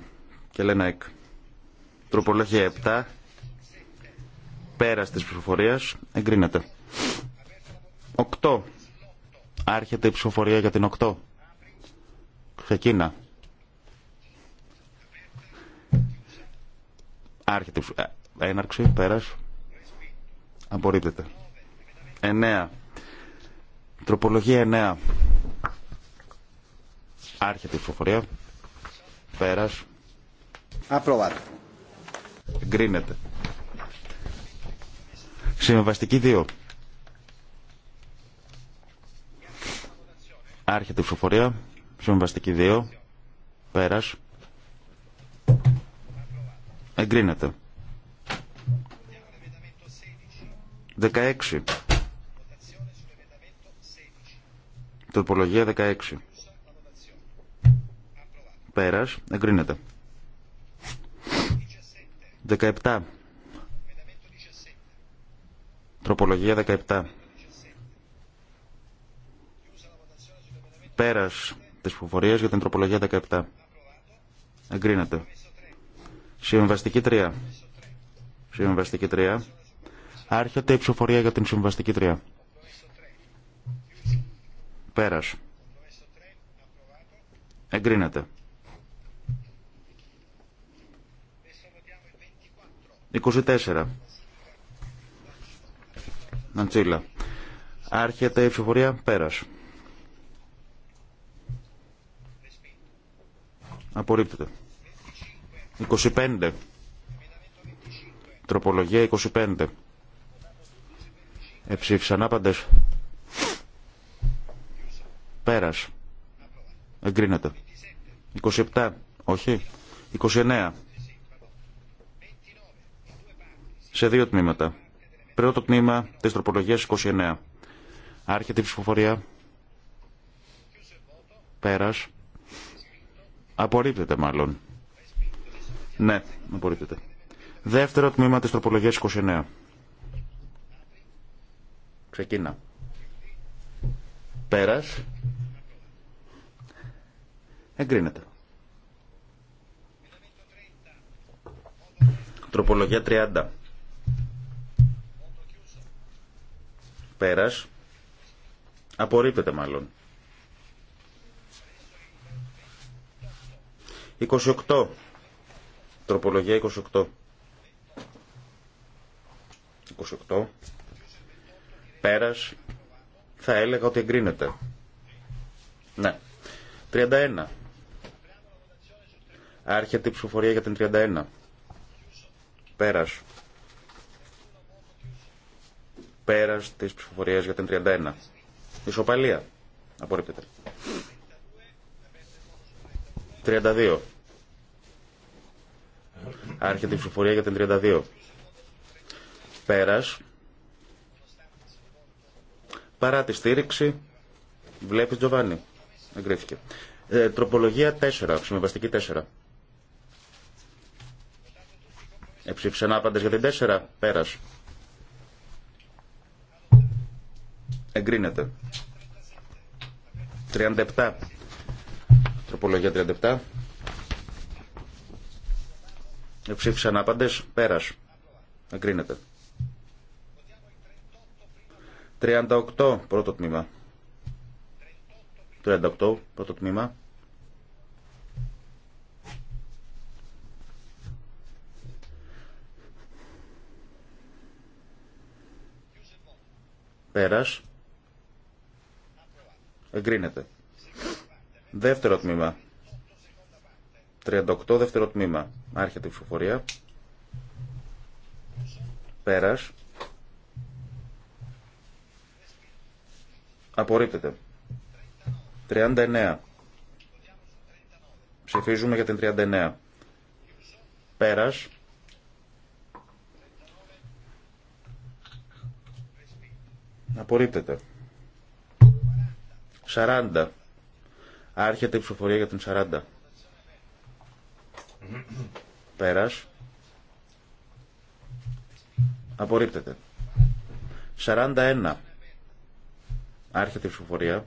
και Λένα Τροπολογία 7. Πέρα τη ψηφοφορία. Εγκρίνεται. 8. Άρχεται η ψηφοφορία για την 8. Ξεκίνα. Άρχεται ε, έναρξη, πέρας. Απορρίπτεται. 9. Τροπολογία 9. Άρχεται η ψηφοφορία. Πέρας. Απροβάται. Γκρίνεται. Συμβαστική 2. Άρχεται η ψηφοφορία. Συμβαστική 2. Πέρας. Εγκρίνεται. 16. Τροπολογία 16. Πέρας. Εγκρίνεται. 17. Τροπολογία 17. Πέρας της ψηφοφορίας για την τροπολογία 17. Εγκρίνεται. Συμβαστική 3. Συμβαστική 3. Άρχεται η ψηφοφορία για την συμβαστική 3. Πέρας. Εγκρίνεται. 24. Αντσίλα. Άρχεται η ψηφοφορία. Πέρας. Απορρίπτεται. 25. Τροπολογία 25. Εψήφισαν άπαντες. Πέρας. Εγκρίνεται. 27. Όχι. 29. Σε δύο τμήματα. Πρώτο τμήμα της τροπολογίας 29. Άρχεται η ψηφοφορία. Πέρας. Απορρίπτεται μάλλον. Ναι, απορρίπτεται. Δεύτερο τμήμα της τροπολογίας 29. Ξεκίνα. Πέρας. Εγκρίνεται. Τροπολογία 30. Πέρας. Απορρίπτεται μάλλον. 28. Τροπολογία 28. 28. Πέρας. Θα έλεγα ότι εγκρίνεται. Ναι. 31. Άρχεται η ψηφοφορία για την 31. Πέρας. Πέρας της ψηφοφορίας για την 31. Ισοπαλία. Απορρίπτεται. 32. Άρχεται η ψηφορία για την 32. Πέρας. Παρά τη στήριξη, βλέπει Τζοβάνι. Εγκρίθηκε. Ε, τροπολογία 4, συμβαστική 4. Εψήφισαν άπαντες για την 4, πέρας. Εγκρίνεται. 37. Τροπολογία 37. Ψήφισαν άπαντες. Πέρας. Εγκρίνεται. 38 πρώτο τμήμα. 38 πρώτο τμήμα. Πέρας. Εγκρίνεται. Δεύτερο τμήμα. 38 δεύτερο τμήμα. Άρχεται η ψηφοφορία. Πέρα. Απορρίπτεται. 39. Ψηφίζουμε για την 39. Πέρα. Απορρίπτεται. 40. Άρχεται η ψηφοφορία για την 40. Πέρας. Απορρίπτεται. 41. Άρχεται η ψηφοφορία.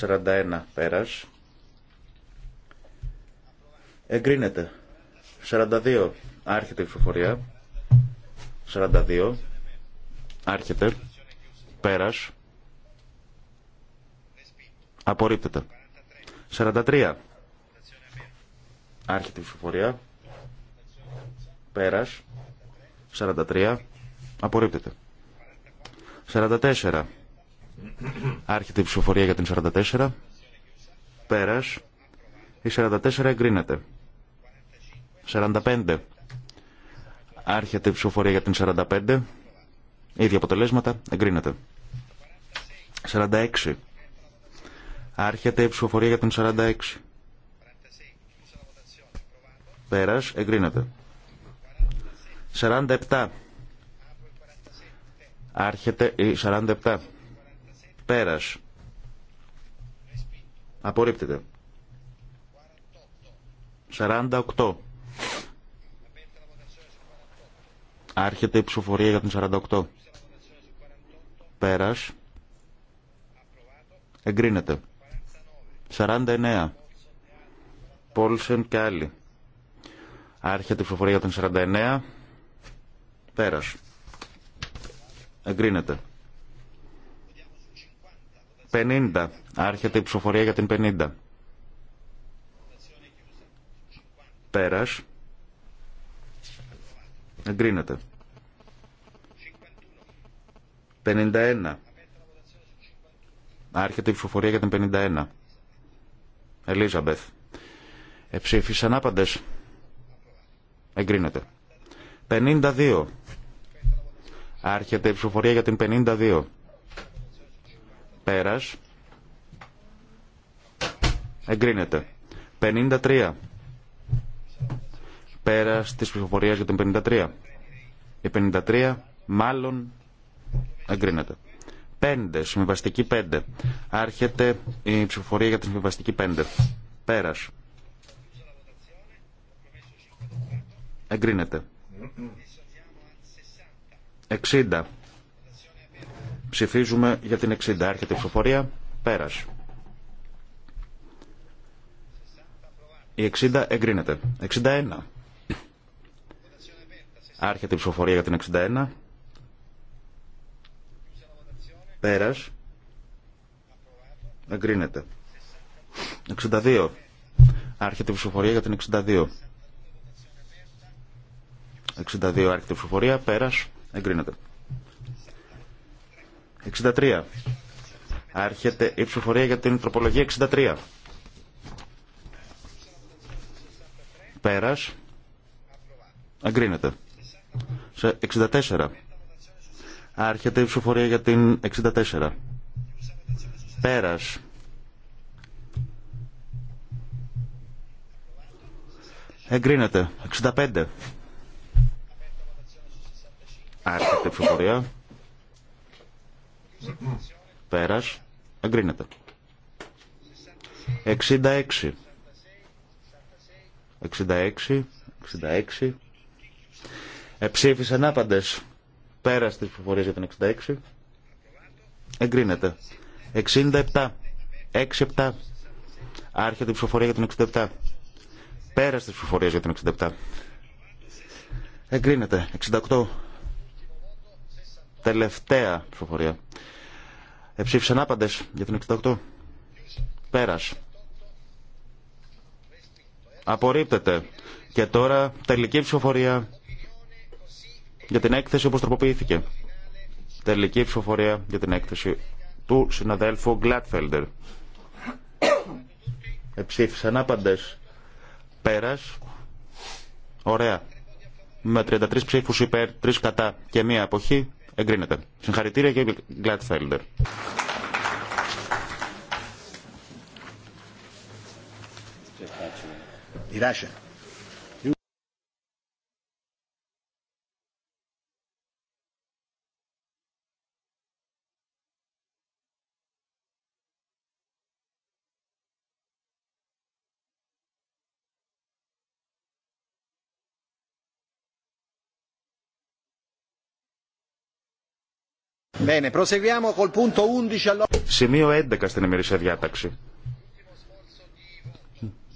41. Πέρας. Εγκρίνεται. 42. Άρχεται η ψηφοφορία. 42. Άρχεται. Πέρας. Απορρίπτεται. 43. Άρχεται η ψηφοφορία. Πέρας. 43. Απορρίπτεται. 44. Άρχεται η ψηφοφορία για την 44. Πέρας. Η 44 εγκρίνεται. 45. Άρχεται η ψηφοφορία για την 45. Ίδια αποτελέσματα. Εγκρίνεται. 46. Άρχεται η ψηφοφορία για την 46. Πέρας. Εγκρίνεται. 47. Άρχεται η 47. Πέρας. Απορρίπτεται. 48. Άρχεται η ψηφοφορία για την 48. Πέρας. Εγκρίνεται. 49. Πόλσεν και άλλοι. Άρχεται η ψηφοφορία για τον 49. Πέρας. Εγκρίνεται. 50. Άρχεται η ψηφοφορία για την 50. Πέρας. Εγκρίνεται. 51. Άρχεται η ψηφοφορία για την 51. Ελίζαμπεθ. Εψήφισαν άπαντες. Εγκρίνεται. 52. Άρχεται η ψηφοφορία για την 52. Πέρας. Εγκρίνεται. 53. Πέρας της ψηφοφορίας για την 53. Η 53 μάλλον εγκρίνεται. 5. Συμβιβαστική 5. Άρχεται η ψηφοφορία για την συμβιβαστική 5. Πέρας. Εγκρίνεται. 60. Ψηφίζουμε για την 60. Άρχεται η ψηφοφορία. Πέρας. Η 60 εγκρίνεται. 61. Άρχεται η ψηφοφορία για την 61. Πέρας. Εγκρίνεται. 62. Άρχεται η ψηφοφορία για την 62. 62 άρχεται ψηφοφορία, πέρας, εγκρίνεται. 63. Άρχεται η ψηφοφορία για την τροπολογία 63. Πέρας, εγκρίνεται. Σε 64. Άρχεται η ψηφοφορία για την 64. Πέρας. Εγκρίνεται. 65. Άρχεται η ψηφοφορία. Πέρας. Εγκρίνεται. 66. 66. 66. Εψήφισαν άπαντες. Πέρας της για την 66. Εγκρίνεται. 67. 67. Άρχεται η ψηφοφορία για την 67. Πέρασε τη ψηφοφορία για την 67. Εγκρίνεται. 68. Τελευταία ψηφοφορία. Εψήφισαν άπαντε για την 68. Πέρα. Απορρίπτεται. Και τώρα τελική ψηφοφορία για την έκθεση όπως τροποποιήθηκε. Τελική ψηφοφορία για την έκθεση του συναδέλφου Γκλάτφελντερ. Εψήφισαν άπαντες. Πέρας. Ωραία. Με 33 ψήφους υπέρ, 3 κατά και μία αποχή Εγκρίνεται. Συγχαρητήρια και Γκλάτφελντερ. Η Ράσια. Σημείο 11 στην ημερήσια διάταξη.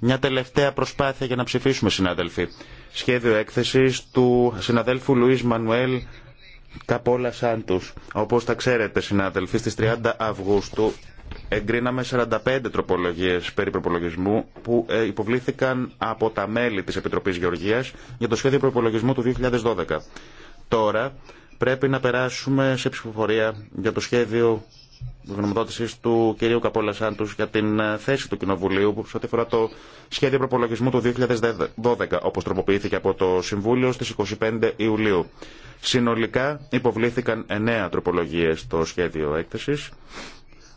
Μια τελευταία προσπάθεια για να ψηφίσουμε, συνάδελφοι. Σχέδιο έκθεσης του συναδέλφου Λουίς Μανουέλ Καπόλα Σάντους. Όπως τα ξέρετε, συνάδελφοι, στις 30 Αυγούστου εγκρίναμε 45 τροπολογίες περί προπολογισμού που ε, υποβλήθηκαν από τα μέλη της Επιτροπής Γεωργίας για το σχέδιο προπολογισμού του 2012. Τώρα πρέπει να περάσουμε σε ψηφοφορία για το σχέδιο γνωμοδότηση του κυρίου Καπόλα Σάντου για την ε, θέση του Κοινοβουλίου που σε ό,τι το σχέδιο προπολογισμού του 2012, όπω τροποποιήθηκε από το Συμβούλιο στι 25 Ιουλίου. Συνολικά υποβλήθηκαν 9 τροπολογίε στο σχέδιο έκθεση,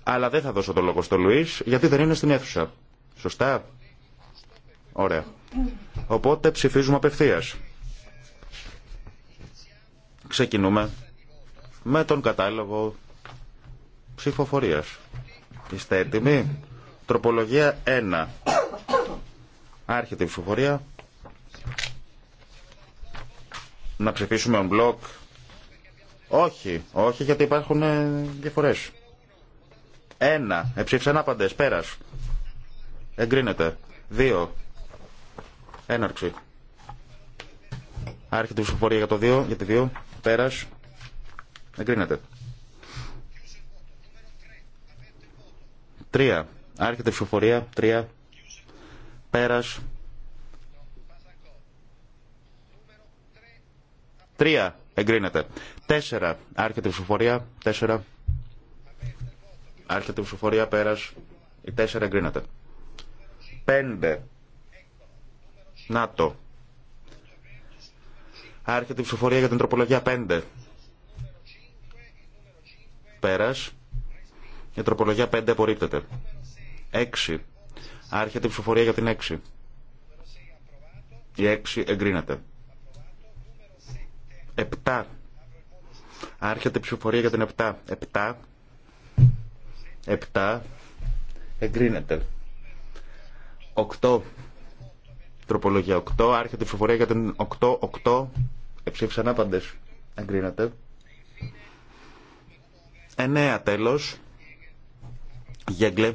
αλλά δεν θα δώσω το λόγο στο Λουί γιατί δεν είναι στην αίθουσα. Σωστά. Ωραία. Οπότε ψηφίζουμε απευθεία. Ξεκινούμε με τον κατάλογο ψηφοφορίας. Είστε έτοιμοι. Τροπολογία 1. Άρχεται η ψηφοφορία. Να ψηφίσουμε on block. Όχι, όχι γιατί υπάρχουν ε, διαφορές. Ένα. Εψήφισαν άπαντες. Πέρας. Εγκρίνεται. Δύο. Έναρξη. Άρχεται η ψηφοφορία για το 2, για τη 2. Πέρας. Εγκρίνεται. Τρία. Άρχεται η ψηφοφορία. Τρία. Πέρα. Τρία. Εγκρίνεται. Τέσσερα. Άρχεται η ψηφοφορία. Τέσσερα. Άρχεται η ψηφοφορία. πέρα. Η τέσσερα εγκρίνεται. Πέντε. ΝΑΤΟ. Άρχεται η ψηφοφορία για την τροπολογία 5. Πέρας. Η τροπολογία 5 απορρίπτεται. 6. Άρχεται η ψηφοφορία για την 6. Η 6 εγκρίνεται. 7. Άρχεται η ψηφοφορία για την 7. 7. 7. Εγκρίνεται. 8. Τροπολογία 8. Άρχεται η ψηφοφορία για την 8. 8. Εψήφισαν άπαντες. Εγκρίνεται. Εννέα τέλος. Γέγκλε.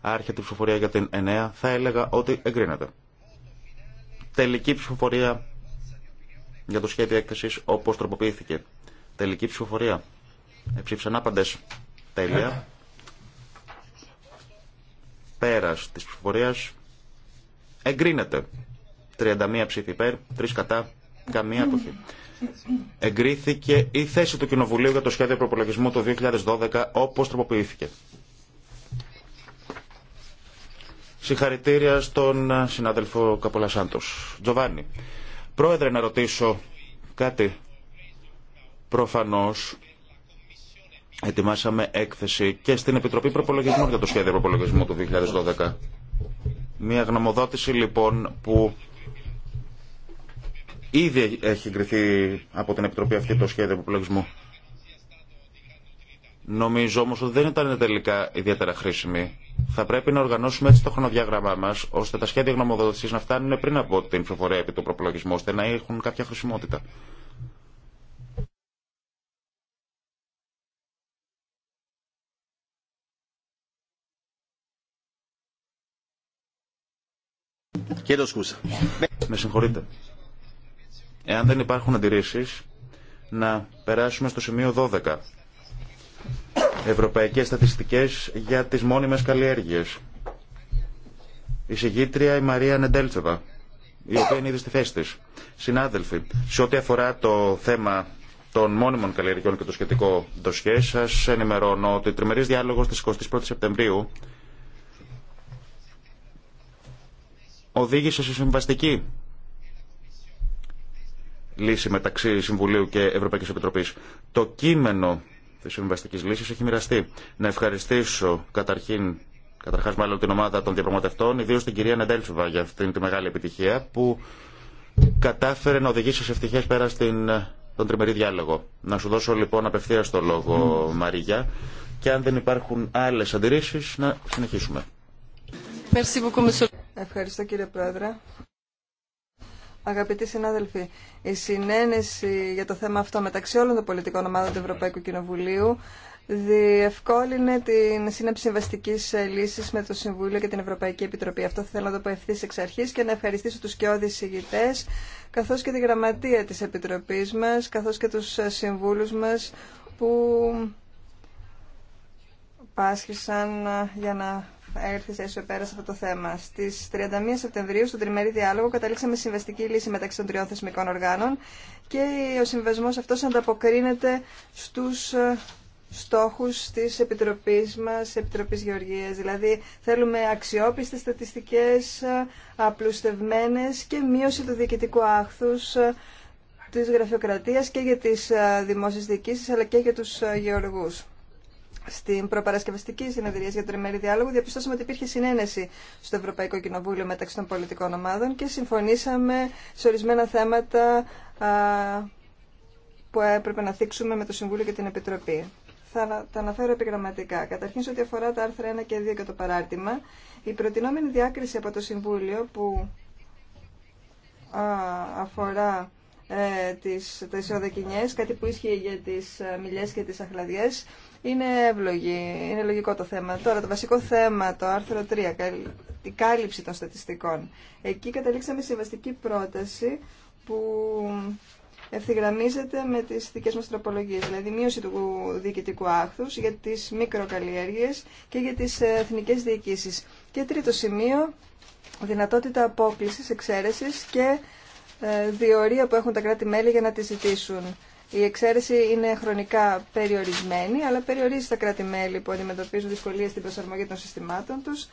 Άρχεται η ψηφοφορία για την εννέα. Θα έλεγα ότι εγκρίνεται. Τελική ψηφοφορία για το σχέδιο έκθεση όπως τροποποιήθηκε. Τελική ψηφοφορία. Εψήφισαν άπαντες. Τέλεια. Πέρας τη ψηφοφορίας. Εγκρίνεται. 31 ψήφοι υπέρ, 3 κατά, καμία αποχή. Εγκρίθηκε η θέση του Κοινοβουλίου για το σχέδιο προπολογισμού το 2012 όπως τροποποιήθηκε. Συγχαρητήρια στον συνάδελφο Καπολασάντος. Τζοβάνι, πρόεδρε να ρωτήσω κάτι. προφανώ ετοιμάσαμε έκθεση και στην Επιτροπή Προπολογισμών για το σχέδιο προπολογισμού του 2012. Μια γνωμοδότηση λοιπόν που Ήδη έχει εγκριθεί από την Επιτροπή αυτή το σχέδιο αποπλογισμού. Νομίζω όμω ότι δεν ήταν τελικά ιδιαίτερα χρήσιμη. Θα πρέπει να οργανώσουμε έτσι το χρονοδιάγραμμά μα, ώστε τα σχέδια γνωμοδότηση να φτάνουν πριν από την ψηφοφορία επί του προπολογισμού, ώστε να έχουν κάποια χρησιμότητα. Με συγχωρείτε. Εάν δεν υπάρχουν αντιρρήσει να περάσουμε στο σημείο 12. Ευρωπαϊκές στατιστικές για τις μόνιμες καλλιέργειες. Η συγγήτρια η Μαρία Νεντέλτσεβα, η οποία είναι ήδη στη θέση της. Συνάδελφοι, σε ό,τι αφορά το θέμα των μόνιμων καλλιεργειών και το σχετικό ντοσχέ, σας ενημερώνω ότι τριμερής διάλογος της 21 Σεπτεμβρίου οδήγησε σε συμβαστική λύση μεταξύ Συμβουλίου και Ευρωπαϊκή Επιτροπή. Το κείμενο τη συμβαστική λύση έχει μοιραστεί. Να ευχαριστήσω καταρχήν καταρχάς μάλλον την ομάδα των διαπραγματευτών, ιδίως την κυρία Νεντέλτσοβα για αυτήν τη μεγάλη επιτυχία που κατάφερε να οδηγήσει σε ευτυχές πέρα στην, τον τριμερή διάλογο. Να σου δώσω λοιπόν απευθεία το λόγο Μαρίγια και αν δεν υπάρχουν άλλες αντιρρήσεις να συνεχίσουμε. Ευχαριστώ κύριε Πρόεδρε. Αγαπητοί συνάδελφοι, η συνένεση για το θέμα αυτό μεταξύ όλων των πολιτικών ομάδων του Ευρωπαϊκού Κοινοβουλίου διευκόλυνε την σύναψη συμβαστική λύση με το Συμβούλιο και την Ευρωπαϊκή Επιτροπή. Αυτό θέλω να το πω ευθύ εξ αρχή και να ευχαριστήσω του σκιώδει ηγητέ, καθώ και τη γραμματεία τη Επιτροπή μα, καθώ και του συμβούλου μα που πάσχησαν για να έρθει σε πέρα σε αυτό το θέμα. Στι 31 Σεπτεμβρίου, στον τριμερή διάλογο, καταλήξαμε συμβαστική λύση μεταξύ των τριών θεσμικών οργάνων και ο συμβασμό αυτό ανταποκρίνεται στου ε, στόχου τη Επιτροπή μα, Επιτροπή Γεωργία. Δηλαδή, θέλουμε αξιόπιστε στατιστικέ, ε, απλουστευμένε και μείωση του διοικητικού άχθου ε, της γραφειοκρατίας και για τις δημόσιες διοικήσεις αλλά και για τους γεωργούς. Στην προπαρασκευαστική συνεδρία για τριμερή διάλογο διαπιστώσαμε ότι υπήρχε συνένεση στο Ευρωπαϊκό Κοινοβούλιο μεταξύ των πολιτικών ομάδων και συμφωνήσαμε σε ορισμένα θέματα που έπρεπε να θίξουμε με το Συμβούλιο και την Επιτροπή. Θα τα αναφέρω επιγραμματικά. Καταρχήν, σε ό,τι αφορά τα άρθρα 1 και 2 και το παράρτημα, η προτινόμενη διάκριση από το Συμβούλιο που αφορά ε, τις, τα κάτι που ίσχυε για τις ε, μιλιές και τις αχλαδιές, είναι εύλογη, είναι λογικό το θέμα. Τώρα, το βασικό θέμα, το άρθρο 3, η κάλυψη των στατιστικών. Εκεί καταλήξαμε σε βαστική πρόταση που ευθυγραμμίζεται με τις δικές μας τροπολογίες, δηλαδή μείωση του διοικητικού άχθους για τις μικροκαλλιέργειες και για τις εθνικές διοικήσεις. Και τρίτο σημείο, δυνατότητα απόκλησης, εξαίρεσης και ε, διορία που έχουν τα κράτη-μέλη για να τη ζητήσουν. Η εξαίρεση είναι χρονικά περιορισμένη, αλλά περιορίζει τα κράτη-μέλη που αντιμετωπίζουν δυσκολίες στην προσαρμογή των συστημάτων τους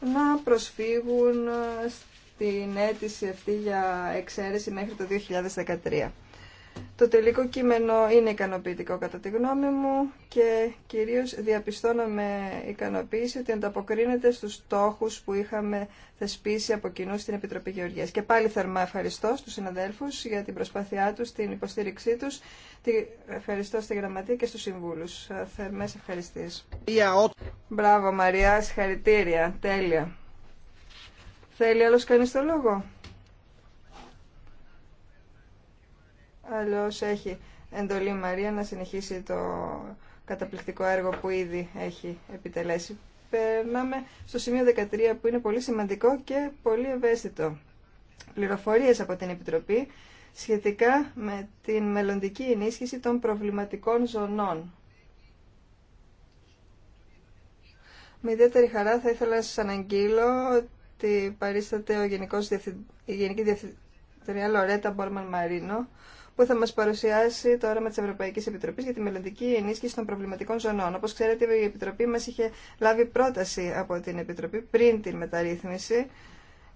να προσφύγουν στην αίτηση αυτή για εξαίρεση μέχρι το 2013. Το τελικό κείμενο είναι ικανοποιητικό κατά τη γνώμη μου και κυρίως διαπιστώνω με ικανοποίηση ότι ανταποκρίνεται στους στόχους που είχαμε θεσπίσει από κοινού στην Επιτροπή Γεωργίας. Και πάλι θερμά ευχαριστώ στους συναδέλφους για την προσπάθειά τους, την υποστήριξή τους. Ευχαριστώ στη Γραμματεία και στους Συμβούλους. Ε, θερμές ευχαριστίες. Μπράβο Μαρία, συγχαρητήρια. Τέλεια. Θέλει άλλος κανείς το λόγο. Αλλιώς έχει εντολή Μαρία να συνεχίσει το καταπληκτικό έργο που ήδη έχει επιτελέσει. Περνάμε στο σημείο 13 που είναι πολύ σημαντικό και πολύ ευαίσθητο. Πληροφορίες από την Επιτροπή σχετικά με την μελλοντική ενίσχυση των προβληματικών ζωνών. Με ιδιαίτερη χαρά θα ήθελα να σας αναγγείλω ότι παρίσταται ο η Γενική Διευθυντρία Λορέτα Μπόρμαν Μαρίνο, που θα μα παρουσιάσει το όραμα τη Ευρωπαϊκή Επιτροπή για τη μελλοντική ενίσχυση των προβληματικών ζωνών. Όπω ξέρετε, η Επιτροπή μα είχε λάβει πρόταση από την Επιτροπή πριν την μεταρρύθμιση.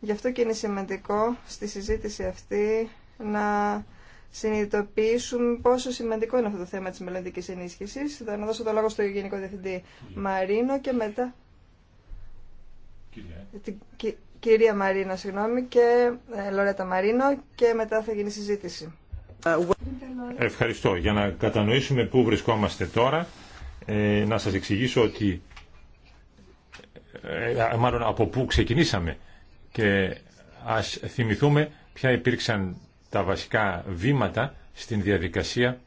Γι' αυτό και είναι σημαντικό στη συζήτηση αυτή να συνειδητοποιήσουμε πόσο σημαντικό είναι αυτό το θέμα τη μελλοντική ενίσχυση. Θα να δώσω το λόγο στο Γενικό Διευθυντή Μαρίνο και μετά... Κυρία. Την... Κυρία Μαρίνο, συγγνώμη, και ε, Λορέτα Μαρίνο και μετά θα γίνει συζήτηση. Ευχαριστώ. Για να κατανοήσουμε πού βρισκόμαστε τώρα, ε, να σας εξηγήσω ότι ε, ε, μάλλον από πού ξεκινήσαμε και ας θυμηθούμε ποια υπήρξαν τα βασικά βήματα στην διαδικασία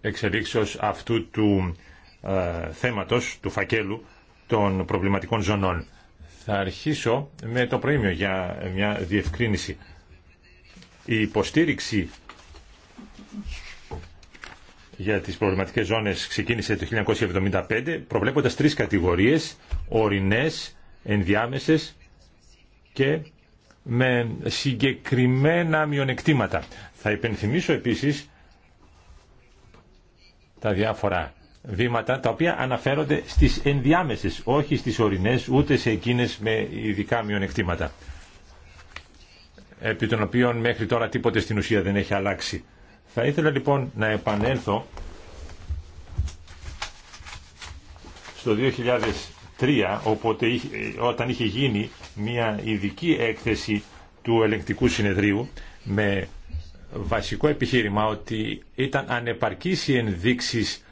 εξελίξεως αυτού του θέματος, του φακέλου των προβληματικών ζωνών. Θα αρχίσω με το προήμιο για μια διευκρίνηση η υποστήριξη για τις προβληματικές ζώνες ξεκίνησε το 1975 προβλέποντας τρεις κατηγορίες ορινές, ενδιάμεσες και με συγκεκριμένα μειονεκτήματα. Θα υπενθυμίσω επίσης τα διάφορα βήματα τα οποία αναφέρονται στις ενδιάμεσες, όχι στις ορινές ούτε σε εκείνες με ειδικά μειονεκτήματα επί των οποίων μέχρι τώρα τίποτε στην ουσία δεν έχει αλλάξει. Θα ήθελα λοιπόν να επανέλθω στο 2003, οπότε, όταν είχε γίνει μια ειδική έκθεση του ελεγκτικού συνεδρίου με βασικό επιχείρημα ότι ήταν ανεπαρκείς οι ενδείξεις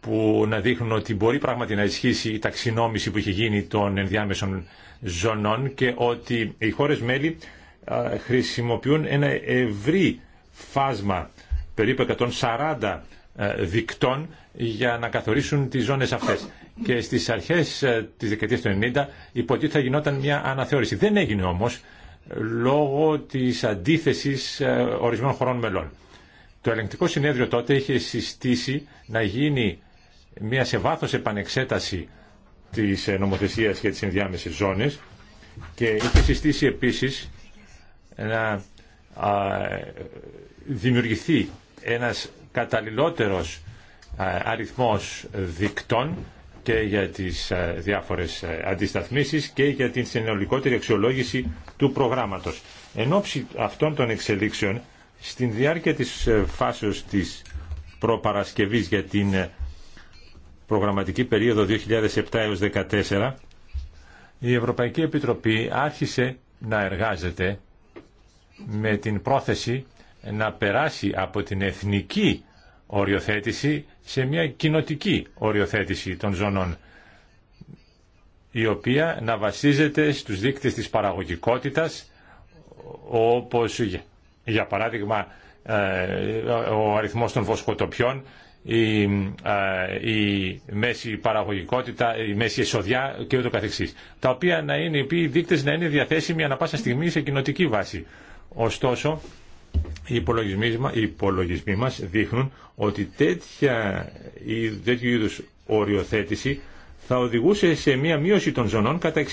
που να δείχνουν ότι μπορεί πράγματι να ισχύσει η ταξινόμηση που είχε γίνει των ενδιάμεσων ζωνών και ότι οι χώρες μέλη χρησιμοποιούν ένα ευρύ φάσμα περίπου 140 ε, δικτών για να καθορίσουν τις ζώνες αυτές. Και στις αρχές ε, της δεκαετίας του 90 υποτίθεται θα γινόταν μια αναθεώρηση. Δεν έγινε όμως λόγω της αντίθεσης ε, ορισμένων χωρών μελών. Το ελεγκτικό συνέδριο τότε είχε συστήσει να γίνει μια σε βάθος επανεξέταση της νομοθεσίας για τις ενδιάμεσες ζώνες και είχε συστήσει επίσης να δημιουργηθεί ένας καταλληλότερος αριθμός δικτών και για τις διάφορες αντισταθμίσεις και για την συνολικότερη αξιολόγηση του προγράμματος. Εν ώψη αυτών των εξελίξεων, στην διάρκεια της ε, φάσεως της προπαρασκευής για την ε, προγραμματική περίοδο 2007 έως 2014, η Ευρωπαϊκή Επιτροπή άρχισε να εργάζεται με την πρόθεση να περάσει από την εθνική οριοθέτηση σε μια κοινοτική οριοθέτηση των ζωνών η οποία να βασίζεται στους δείκτες της παραγωγικότητας όπως για παράδειγμα ε, ο αριθμός των βοσκοτοπιών η, ε, η μέση παραγωγικότητα, η μέση εσοδιά και ούτω καθεξής. Τα οποία να είναι οι δείκτες να είναι διαθέσιμοι ανα πάσα στιγμή σε κοινοτική βάση. Ωστόσο, οι υπολογισμοί, οι μας δείχνουν ότι τέτοια, τέτοιου είδους οριοθέτηση θα οδηγούσε σε μία μείωση των ζωνών κατά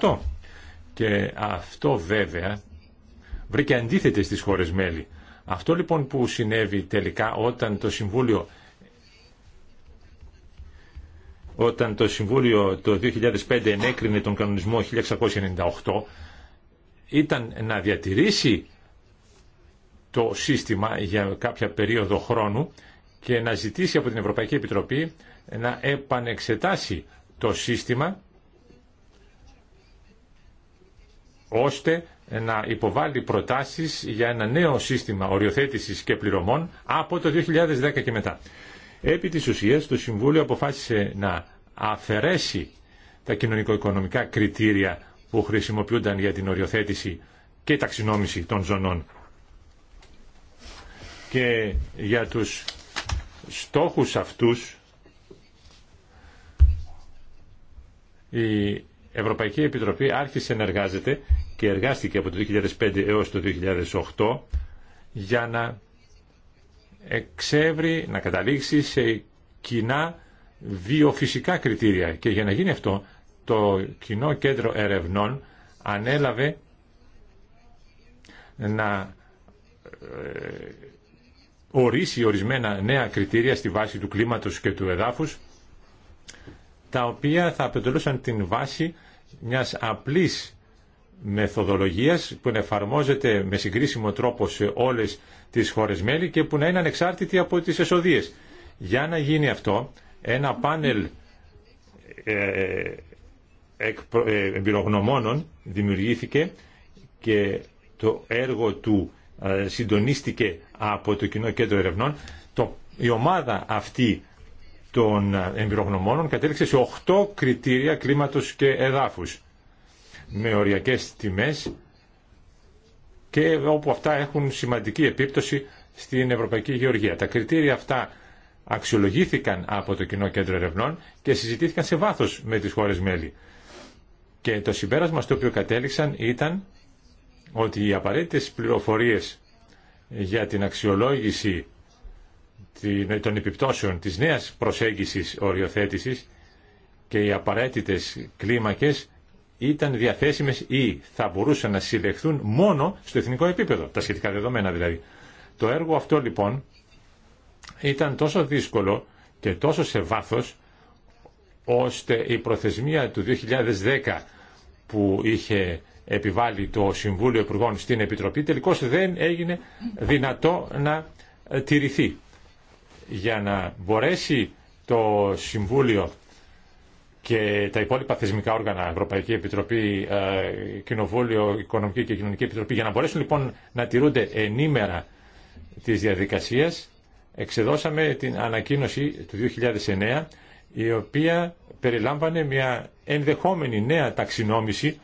60%. Και αυτό βέβαια βρήκε αντίθετες στις χώρες μέλη. Αυτό λοιπόν που συνέβη τελικά όταν το Συμβούλιο όταν το Συμβούλιο το 2005 ενέκρινε τον κανονισμό 1698 ήταν να διατηρήσει το σύστημα για κάποια περίοδο χρόνου και να ζητήσει από την Ευρωπαϊκή Επιτροπή να επανεξετάσει το σύστημα ώστε να υποβάλει προτάσεις για ένα νέο σύστημα οριοθέτησης και πληρωμών από το 2010 και μετά. Επί της ουσίας το Συμβούλιο αποφάσισε να αφαιρέσει τα κοινωνικο-οικονομικά κριτήρια που χρησιμοποιούνταν για την οριοθέτηση και ταξινόμηση των ζωνών και για τους στόχους αυτούς η Ευρωπαϊκή Επιτροπή άρχισε να εργάζεται και εργάστηκε από το 2005 έως το 2008 για να εξεύρει, να καταλήξει σε κοινά βιοφυσικά κριτήρια και για να γίνει αυτό το Κοινό Κέντρο Ερευνών ανέλαβε να ε, ορίσει ορισμένα νέα κριτήρια στη βάση του κλίματος και του εδάφους, τα οποία θα αποτελούσαν την βάση μιας απλής μεθοδολογίας που εφαρμόζεται με συγκρίσιμο τρόπο σε όλες τις χώρες μέλη και που να είναι ανεξάρτητη από τις εσοδίες. Για να γίνει αυτό, ένα πάνελ ε, ε, εμπειρογνωμόνων δημιουργήθηκε και το έργο του ε, συντονίστηκε από το Κοινό Κέντρο Ερευνών. Το, η ομάδα αυτή των ε, εμπειρογνωμόνων κατέληξε σε 8 κριτήρια κλίματος και εδάφους με οριακές τιμές και όπου αυτά έχουν σημαντική επίπτωση στην Ευρωπαϊκή Γεωργία. Τα κριτήρια αυτά αξιολογήθηκαν από το Κοινό Κέντρο Ερευνών και συζητήθηκαν σε βάθος με τις χώρες μέλη. Και το συμπέρασμα στο οποίο κατέληξαν ήταν ότι οι απαραίτητες πληροφορίες για την αξιολόγηση των επιπτώσεων της νέας προσέγγισης οριοθέτησης και οι απαραίτητες κλίμακες ήταν διαθέσιμες ή θα μπορούσαν να συλλεχθούν μόνο στο εθνικό επίπεδο, τα σχετικά δεδομένα δηλαδή. Το έργο αυτό λοιπόν ήταν τόσο δύσκολο και τόσο σε βάθος ώστε η προθεσμία του 2010 που είχε επιβάλει το Συμβούλιο Υπουργών στην Επιτροπή τελικώς δεν έγινε δυνατό να τηρηθεί. Για να μπορέσει το Συμβούλιο και τα υπόλοιπα θεσμικά όργανα, Ευρωπαϊκή Επιτροπή, ε, Κοινοβούλιο, Οικονομική και Κοινωνική Επιτροπή, για να μπορέσουν λοιπόν να τηρούνται ενήμερα της διαδικασίας, εξεδώσαμε την ανακοίνωση του 2009 η οποία περιλάμβανε μια ενδεχόμενη νέα ταξινόμηση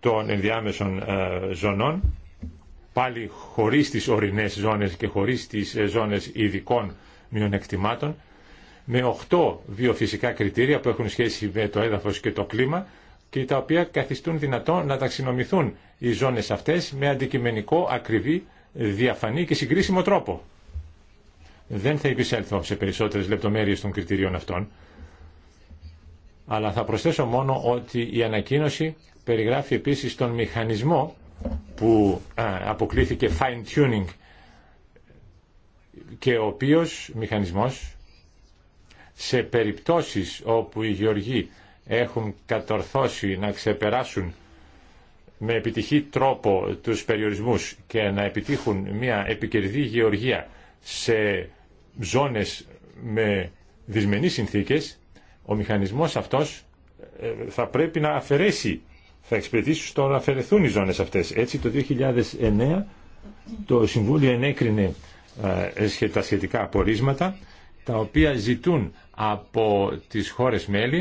των ενδιάμεσων ε, ζωνών, πάλι χωρίς τις ορεινές ζώνες και χωρίς τις ε, ζώνες ειδικών μειονεκτημάτων, με 8 βιοφυσικά κριτήρια που έχουν σχέση με το έδαφος και το κλίμα και τα οποία καθιστούν δυνατό να ταξινομηθούν οι ζώνες αυτές με αντικειμενικό, ακριβή, διαφανή και συγκρίσιμο τρόπο. Δεν θα επισέλθω σε περισσότερες λεπτομέρειες των κριτηρίων αυτών, αλλά θα προσθέσω μόνο ότι η ανακοίνωση περιγράφει επίσης τον μηχανισμό που αποκλήθηκε fine tuning και ο οποίος μηχανισμός σε περιπτώσεις όπου οι γεωργοί έχουν κατορθώσει να ξεπεράσουν με επιτυχή τρόπο τους περιορισμούς και να επιτύχουν μια επικερδή γεωργία σε ζώνες με δυσμενείς συνθήκες ο μηχανισμός αυτός ε, θα πρέπει να αφαιρέσει, θα εξυπηρετήσει στο να αφαιρεθούν οι ζώνες αυτές. Έτσι το 2009 το Συμβούλιο ενέκρινε ε, τα σχετικά απορίσματα τα οποία ζητούν από τις χώρες μέλη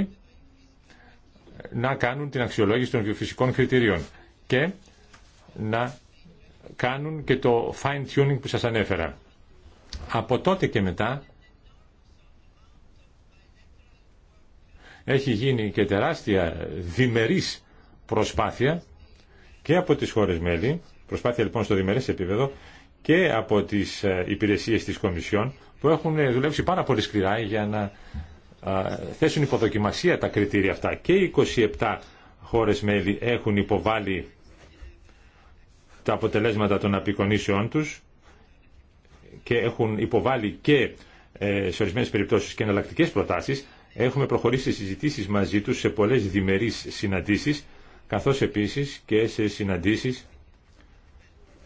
ε, να κάνουν την αξιολόγηση των βιοφυσικών κριτηρίων και να κάνουν και το fine tuning που σας ανέφερα. Από τότε και μετά Έχει γίνει και τεράστια διμερής προσπάθεια και από τις χώρες μέλη, προσπάθεια λοιπόν στο διμερές επίπεδο, και από τις ε, υπηρεσίες της Κομισιόν που έχουν δουλέψει πάρα πολύ σκληρά για να θέσουν υποδοκιμασία τα κριτήρια αυτά. Και οι 27 χώρες μέλη έχουν υποβάλει τα αποτελέσματα των απεικονίσεών τους και έχουν υποβάλει και ε, σε ορισμένες περιπτώσεις και εναλλακτικέ προτάσεις Έχουμε προχωρήσει συζητήσεις μαζί τους σε πολλές διμερείς συναντήσεις, καθώς επίσης και σε συναντήσεις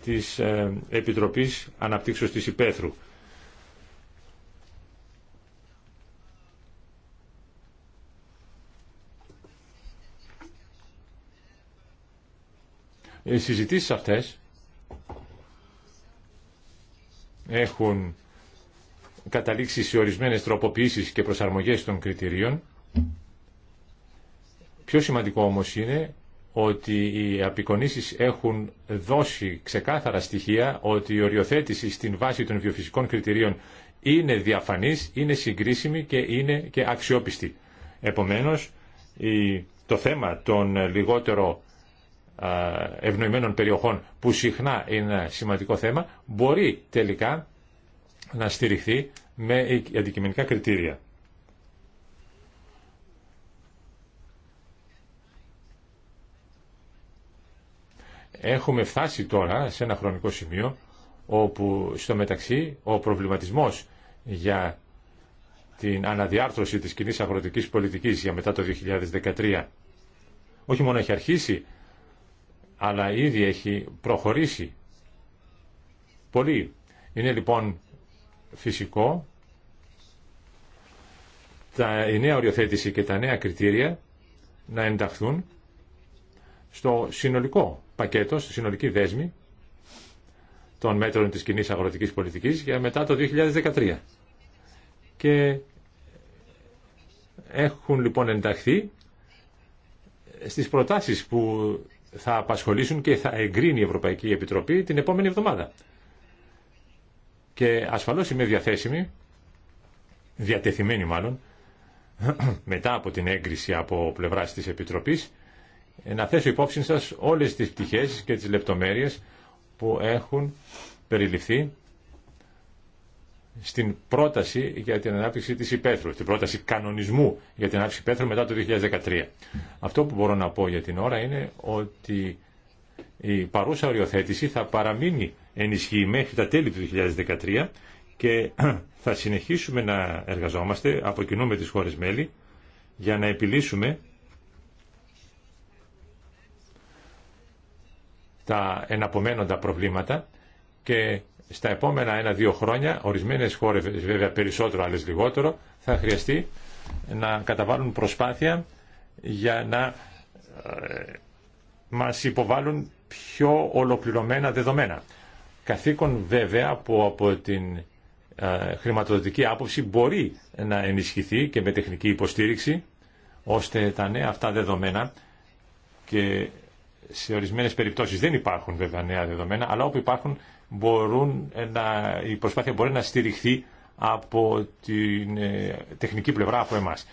της ε, Επιτροπής Αναπτύξεως της Υπέθρου. Οι συζητήσεις αυτές έχουν καταλήξει σε ορισμένες τροποποιήσεις και προσαρμογές των κριτηρίων. Πιο σημαντικό όμως είναι ότι οι απεικονίσεις έχουν δώσει ξεκάθαρα στοιχεία ότι η οριοθέτηση στην βάση των βιοφυσικών κριτηρίων είναι διαφανής, είναι συγκρίσιμη και είναι και αξιόπιστη. Επομένως, το θέμα των λιγότερο ευνοημένων περιοχών που συχνά είναι ένα σημαντικό θέμα μπορεί τελικά να στηριχθεί με αντικειμενικά κριτήρια. Έχουμε φτάσει τώρα σε ένα χρονικό σημείο όπου στο μεταξύ ο προβληματισμός για την αναδιάρθρωση της κοινή αγροτικής πολιτικής για μετά το 2013 όχι μόνο έχει αρχίσει αλλά ήδη έχει προχωρήσει πολύ. Είναι λοιπόν φυσικό τα, η νέα οριοθέτηση και τα νέα κριτήρια να ενταχθούν στο συνολικό πακέτο, στη συνολική δέσμη των μέτρων της κοινή αγροτικής πολιτικής για μετά το 2013. Και έχουν λοιπόν ενταχθεί στις προτάσεις που θα απασχολήσουν και θα εγκρίνει η Ευρωπαϊκή Επιτροπή την επόμενη εβδομάδα και ασφαλώς είμαι διαθέσιμη, διατεθειμένη μάλλον, μετά από την έγκριση από πλευράς της Επιτροπής, να θέσω υπόψη σας όλες τις πτυχές και τις λεπτομέρειες που έχουν περιληφθεί στην πρόταση για την ανάπτυξη της υπαίθρου, την πρόταση κανονισμού για την ανάπτυξη υπαίθρου μετά το 2013. Αυτό που μπορώ να πω για την ώρα είναι ότι η παρούσα οριοθέτηση θα παραμείνει ενισχύει μέχρι τα τέλη του 2013 και θα συνεχίσουμε να εργαζόμαστε από κοινού τις χώρες μέλη για να επιλύσουμε τα εναπομένοντα προβλήματα και στα επόμενα ένα-δύο χρόνια, ορισμένες χώρες βέβαια περισσότερο, άλλες λιγότερο, θα χρειαστεί να καταβάλουν προσπάθεια για να ε, μας υποβάλουν πιο ολοκληρωμένα δεδομένα καθήκον βέβαια που από την ε, χρηματοδοτική άποψη μπορεί να ενισχυθεί και με τεχνική υποστήριξη ώστε τα νέα αυτά δεδομένα και σε ορισμένες περιπτώσεις δεν υπάρχουν βέβαια νέα δεδομένα αλλά όπου υπάρχουν μπορούν να, η προσπάθεια μπορεί να στηριχθεί από την ε, τεχνική πλευρά από εμάς.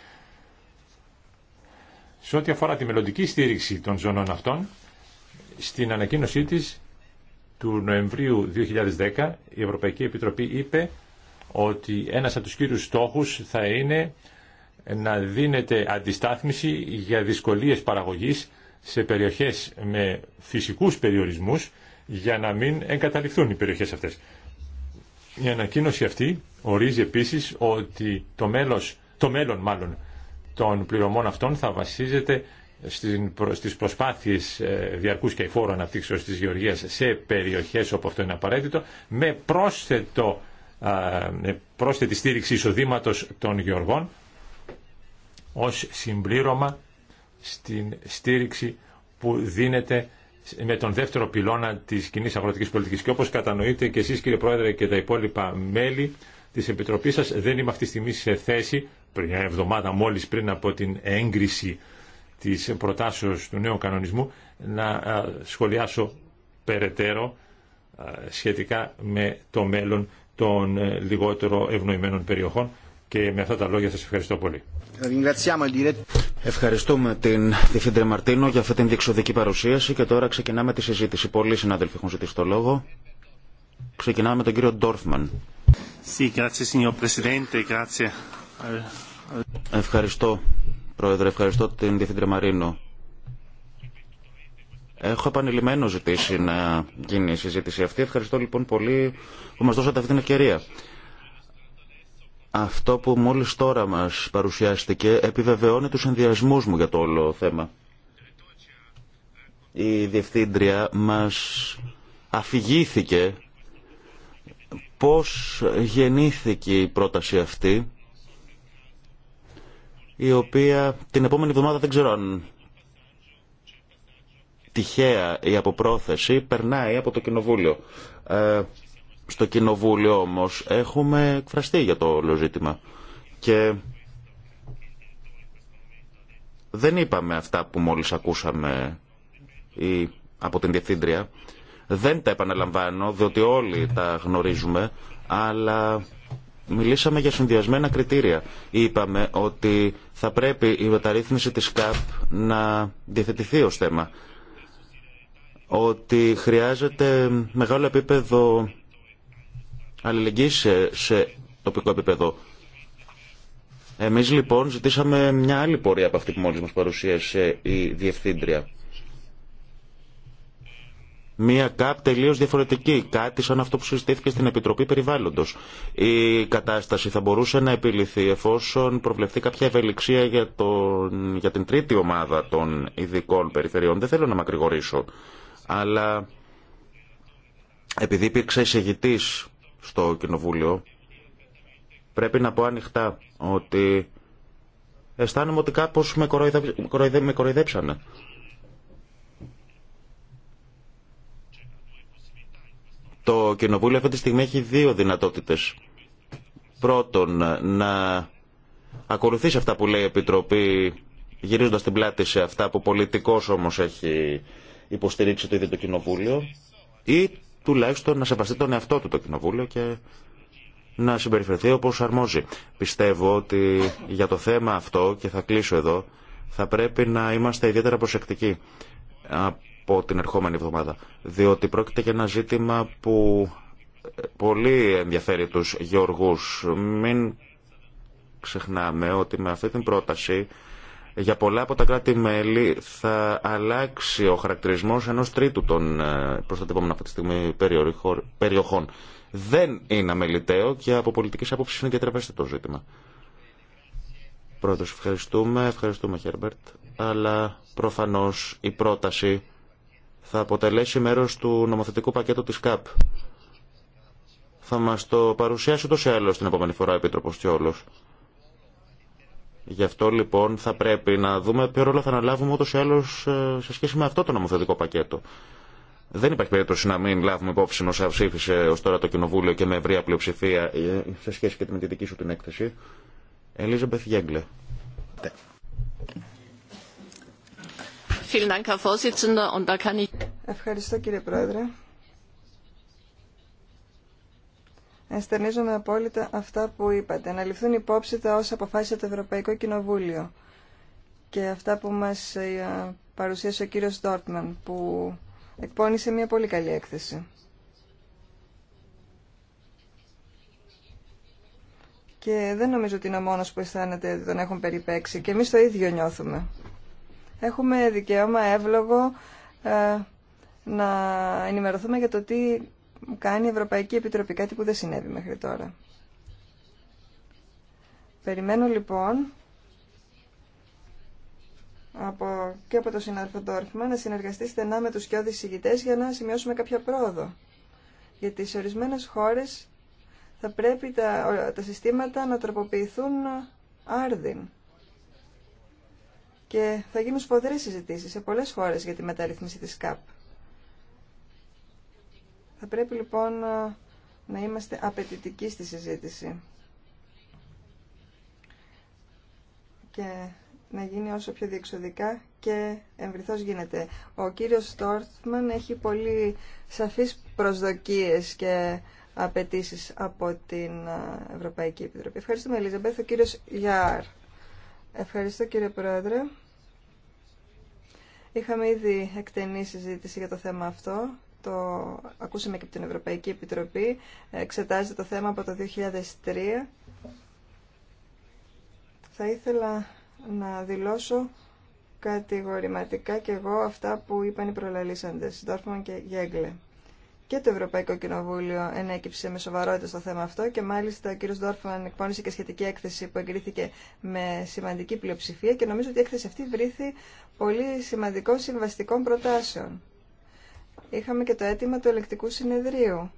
Σε ό,τι αφορά τη μελλοντική στήριξη των ζωνών αυτών, στην ανακοίνωσή της του Νοεμβρίου 2010 η Ευρωπαϊκή Επιτροπή είπε ότι ένας από τους κύριους στόχους θα είναι να δίνεται αντιστάθμιση για δυσκολίες παραγωγής σε περιοχές με φυσικούς περιορισμούς για να μην εγκαταλειφθούν οι περιοχές αυτές. Η ανακοίνωση αυτή ορίζει επίσης ότι το, μέλος, το μέλλον μάλλον των πληρωμών αυτών θα βασίζεται στις προσπάθειες ε, διαρκούς και εφόρου αναπτύξεως της γεωργίας σε περιοχές όπου αυτό είναι απαραίτητο με πρόσθετο, πρόσθετη στήριξη εισοδήματο των γεωργών ως συμπλήρωμα στην στήριξη που δίνεται με τον δεύτερο πυλώνα της κοινή αγροτικής πολιτικής. Και όπως κατανοείτε και εσείς κύριε Πρόεδρε και τα υπόλοιπα μέλη της Επιτροπής σας δεν είμαι αυτή τη στιγμή σε θέση, πριν μια εβδομάδα μόλις πριν από την έγκριση της προτάσεως του νέου κανονισμού να σχολιάσω περαιτέρω σχετικά με το μέλλον των ε, λιγότερο ευνοημένων περιοχών και με αυτά τα λόγια σας ευχαριστώ πολύ. Ευχαριστούμε την Διευθύντρια Μαρτίνο για αυτή την διεξοδική παρουσίαση και τώρα ξεκινάμε τη συζήτηση. Πολλοί συνάδελφοι έχουν ζητήσει το λόγο. Ξεκινάμε με τον κύριο Ντόρφμαν. Ευχαριστώ Πρόεδρε, ευχαριστώ την Διευθύντρια Μαρίνο. Έχω επανειλημμένο ζητήσει να γίνει η συζήτηση αυτή. Ευχαριστώ λοιπόν πολύ που μας δώσατε αυτή την ευκαιρία. Αυτό που μόλις τώρα μας παρουσιάστηκε επιβεβαιώνει τους ενδιασμούς μου για το όλο θέμα. Η Διευθύντρια μας αφηγήθηκε πώς γεννήθηκε η πρόταση αυτή η οποία την επόμενη εβδομάδα δεν ξέρω αν τυχαία η αποπρόθεση περνάει από το Κοινοβούλιο. Ε, στο Κοινοβούλιο όμως έχουμε εκφραστεί για το όλο ζήτημα και δεν είπαμε αυτά που μόλις ακούσαμε ή από την Διευθύντρια. Δεν τα επαναλαμβάνω, διότι όλοι τα γνωρίζουμε, αλλά Μιλήσαμε για συνδυασμένα κριτήρια. Είπαμε ότι θα πρέπει η μεταρρύθμιση της ΚΑΠ να διαθετηθεί ως θέμα. Ότι χρειάζεται μεγάλο επίπεδο αλληλεγγύης σε, σε τοπικό επίπεδο. Εμείς λοιπόν ζητήσαμε μια άλλη πορεία από αυτή που μόλις μας παρουσίασε η Διευθύντρια. Μία ΚΑΠ τελείω διαφορετική, κάτι σαν αυτό που συζητήθηκε στην Επιτροπή Περιβάλλοντο. Η κατάσταση θα μπορούσε να επιληθεί εφόσον προβλεφθεί κάποια ευελιξία για, τον, για την τρίτη ομάδα των ειδικών περιφερειών. Δεν θέλω να μακρηγορήσω, αλλά επειδή υπήρξε εισηγητή στο Κοινοβούλιο, πρέπει να πω ανοιχτά ότι αισθάνομαι ότι κάπως με, κοροϊδε... με κοροϊδέψανε. Το Κοινοβούλιο αυτή τη στιγμή έχει δύο δυνατότητες. Πρώτον, να ακολουθήσει αυτά που λέει η Επιτροπή, γυρίζοντας την πλάτη σε αυτά που πολιτικός όμως έχει υποστηρίξει το ίδιο το Κοινοβούλιο, ή τουλάχιστον να σεβαστεί τον εαυτό του το Κοινοβούλιο και να συμπεριφερθεί όπως αρμόζει. Πιστεύω ότι για το θέμα αυτό, και θα κλείσω εδώ, θα πρέπει να είμαστε ιδιαίτερα προσεκτικοί την ερχόμενη εβδομάδα. Διότι πρόκειται για ένα ζήτημα που ε, πολύ ενδιαφέρει τους γεωργούς. Μην ξεχνάμε ότι με αυτή την πρόταση για πολλά από τα κράτη-μέλη θα αλλάξει ο χαρακτηρισμός ενός τρίτου των ε, προστατευόμενων αυτή τη στιγμή περιοχών. Δεν είναι αμεληταίο και από πολιτική αποψή είναι διατραπέστε το ζήτημα. Πρόεδρος, ευχαριστούμε, ευχαριστούμε Χέρμπερτ, αλλά προφανώς η πρόταση θα αποτελέσει μέρος του νομοθετικού πακέτου της ΚΑΠ. Θα μας το παρουσιάσει το ή άλλως την επόμενη φορά ο Επίτροπος Τσιόλος. Γι' αυτό λοιπόν θα πρέπει να δούμε ποιο ρόλο θα αναλάβουμε ούτως ή άλλως ε, σε σχέση με αυτό το νομοθετικό πακέτο. Δεν υπάρχει περίπτωση να μην λάβουμε υπόψη όσα ψήφισε ω τώρα το Κοινοβούλιο και με ευρία πλειοψηφία ε, σε σχέση και με τη δική σου την έκθεση. Ελίζα Μπεθ Ευχαριστώ κύριε Πρόεδρε. Ενστερνίζομαι απόλυτα αυτά που είπατε. Να ληφθούν υπόψη τα όσα αποφάσισε το Ευρωπαϊκό Κοινοβούλιο και αυτά που μας ε, παρουσίασε ο κύριος Ντόρτμαν που εκπώνησε μια πολύ καλή έκθεση. Και δεν νομίζω ότι είναι ο μόνος που αισθάνεται ότι τον έχουν περιπέξει. Και εμείς το ίδιο νιώθουμε έχουμε δικαίωμα εύλογο ε, να ενημερωθούμε για το τι κάνει η Ευρωπαϊκή Επιτροπή, κάτι που δεν συνέβη μέχρι τώρα. Περιμένω λοιπόν από, και από το συνάδελφο Ντόρφμα να συνεργαστεί στενά με τους κοιόδης για να σημειώσουμε κάποια πρόοδο. Γιατί σε ορισμένες χώρες θα πρέπει τα, τα συστήματα να τροποποιηθούν άρδιν και θα γίνουν σφοδρές συζητήσεις σε πολλές χώρες για τη μεταρρύθμιση της ΚΑΠ. Θα πρέπει λοιπόν να είμαστε απαιτητικοί στη συζήτηση και να γίνει όσο πιο διεξοδικά και εμβριθώς γίνεται. Ο κύριος Στόρτμαν έχει πολύ σαφείς προσδοκίες και απαιτήσει από την Ευρωπαϊκή Επιτροπή. Ευχαριστούμε, Μπέθ, Ο κύριος Γιάρ. Ευχαριστώ κύριε Πρόεδρε. Είχαμε ήδη εκτενή συζήτηση για το θέμα αυτό. Το ακούσαμε και από την Ευρωπαϊκή Επιτροπή. Εξετάζεται το θέμα από το 2003. Θα ήθελα να δηλώσω κατηγορηματικά και εγώ αυτά που είπαν οι προλαλήσαντες, Ντόρφμαν και Γέγκλε και το Ευρωπαϊκό Κοινοβούλιο ενέκυψε με σοβαρότητα στο θέμα αυτό και μάλιστα ο κ. Ντόρφμαν εκπώνησε και σχετική έκθεση που εγκρίθηκε με σημαντική πλειοψηφία και νομίζω ότι η έκθεση αυτή βρήθη πολύ σημαντικών συμβαστικών προτάσεων. Είχαμε και το αίτημα του ελεκτικού συνεδρίου.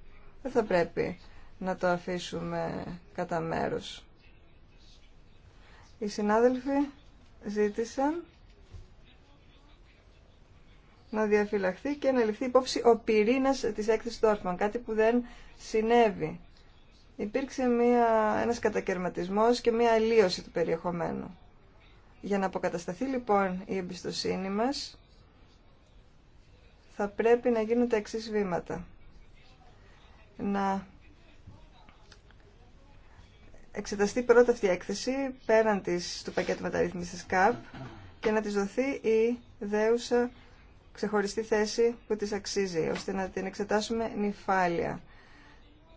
Δεν θα πρέπει να το αφήσουμε κατά μέρους. Οι συνάδελφοι ζήτησαν να διαφυλαχθεί και να ληφθεί υπόψη ο πυρήνας της έκθεσης Dorfman, κάτι που δεν συνέβη. Υπήρξε μια, ένας κατακαιρματισμός και μια αλλίωση του περιεχομένου. Για να αποκατασταθεί λοιπόν η εμπιστοσύνη μας, θα πρέπει να γίνουν τα εξή βήματα. Να εξεταστεί πρώτα αυτή η έκθεση πέραν της, του πακέτου μεταρρύθμισης ΚΑΠ και να της δοθεί η δέουσα ξεχωριστή θέση που της αξίζει, ώστε να την εξετάσουμε νυφάλια.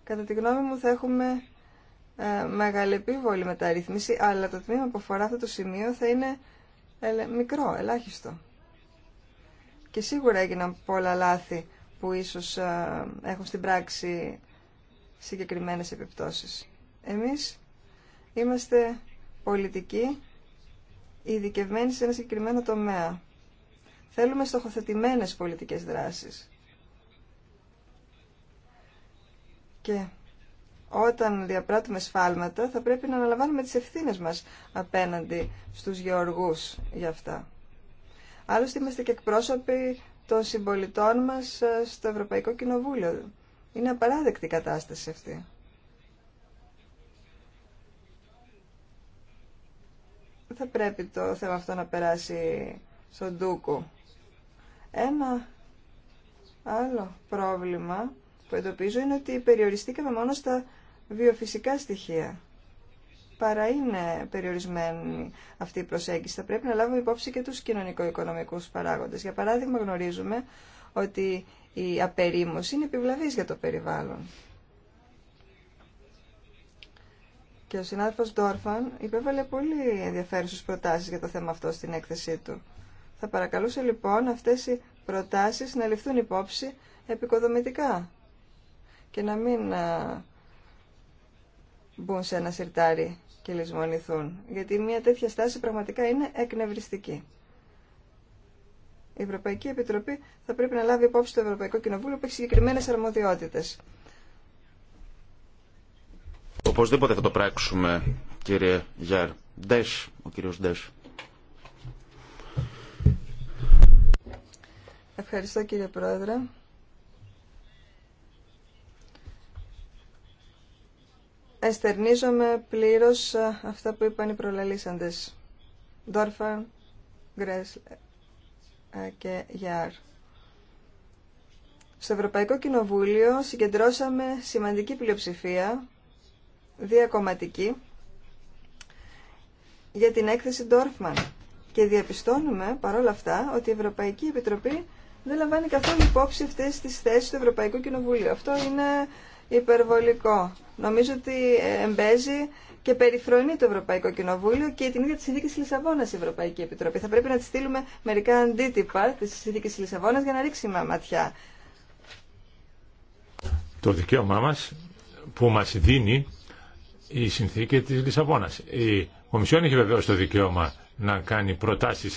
Κατά τη γνώμη μου θα έχουμε ε, μεγάλη επίβολη μεταρρύθμιση, αλλά το τμήμα που αφορά αυτό το σημείο θα είναι μικρό, ελάχιστο. Και σίγουρα έγιναν πολλά λάθη που ίσως ε, έχουν στην πράξη συγκεκριμένες επιπτώσεις. Εμείς είμαστε πολιτικοί ειδικευμένοι σε ένα συγκεκριμένο τομέα. Θέλουμε στοχοθετημένες πολιτικές δράσεις. Και όταν διαπράττουμε σφάλματα θα πρέπει να αναλαμβάνουμε τις ευθύνες μας απέναντι στους γεωργούς για αυτά. Άλλωστε είμαστε και εκπρόσωποι των συμπολιτών μας ε, στο Ευρωπαϊκό Κοινοβούλιο. Είναι απαράδεκτη η κατάσταση αυτή. Θα πρέπει το θέμα αυτό να περάσει στον Τούκο. Ένα άλλο πρόβλημα που εντοπίζω είναι ότι περιοριστήκαμε μόνο στα βιοφυσικά στοιχεία. Παρά είναι περιορισμένη αυτή η προσέγγιση. Θα πρέπει να λάβουμε υπόψη και τους κοινωνικο-οικονομικούς παράγοντες. Για παράδειγμα γνωρίζουμε ότι η απερίμωση είναι επιβλαβής για το περιβάλλον. Και ο συνάδελφος Ντόρφαν υπέβαλε πολύ ενδιαφέρουσες προτάσεις για το θέμα αυτό στην έκθεσή του. Θα παρακαλούσε λοιπόν αυτές οι προτάσεις να ληφθούν υπόψη επικοδομητικά και να μην μπουν σε ένα σιρτάρι και λησμονηθούν, γιατί μια τέτοια στάση πραγματικά είναι εκνευριστική. Η Ευρωπαϊκή Επιτροπή θα πρέπει να λάβει υπόψη το Ευρωπαϊκό Κοινοβούλιο που έχει συγκεκριμένε αρμοδιότητε. Οπωσδήποτε θα το πράξουμε, κύριε Γιάρ. ο κύριος Ευχαριστώ κύριε Πρόεδρε. Εστερνίζομαι πλήρως ε, αυτά που είπαν οι προλαλήσαντες. δόρφα Γκρέσ ε, και Γιάρ. Στο Ευρωπαϊκό Κοινοβούλιο συγκεντρώσαμε σημαντική πλειοψηφία, διακομματική, για την έκθεση Ντόρφμαν. Και διαπιστώνουμε παρόλα αυτά ότι η Ευρωπαϊκή Επιτροπή δεν λαμβάνει καθόλου υπόψη αυτέ τι θέσει του Ευρωπαϊκού Κοινοβουλίου. Αυτό είναι υπερβολικό. Νομίζω ότι ε, εμπέζει και περιφρονεί το Ευρωπαϊκό Κοινοβούλιο και την ίδια τη συνθήκη τη Λισαβόνα η Ευρωπαϊκή Επιτροπή. Θα πρέπει να τη στείλουμε μερικά αντίτυπα τη συνθήκη τη Λισαβόνα για να ρίξει ματιά. Το δικαίωμά μα που μα δίνει η συνθήκη τη Λισαβόνα. Η Κομισιόν έχει βεβαίω το δικαίωμα να κάνει προτάσει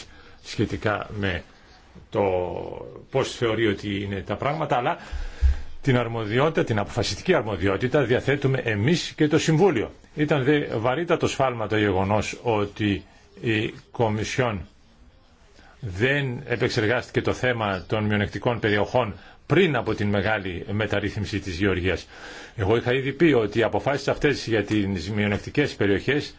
σχετικά με το πώς θεωρεί ότι είναι τα πράγματα, αλλά την αρμοδιότητα, την αποφασιστική αρμοδιότητα διαθέτουμε εμείς και το Συμβούλιο. Ήταν δε βαρύτατο σφάλμα το γεγονός ότι η Κομισιόν δεν επεξεργάστηκε το θέμα των μειονεκτικών περιοχών πριν από την μεγάλη μεταρρύθμιση της Γεωργίας. Εγώ είχα ήδη πει ότι οι αποφάσεις αυτές για τις μειονεκτικές περιοχές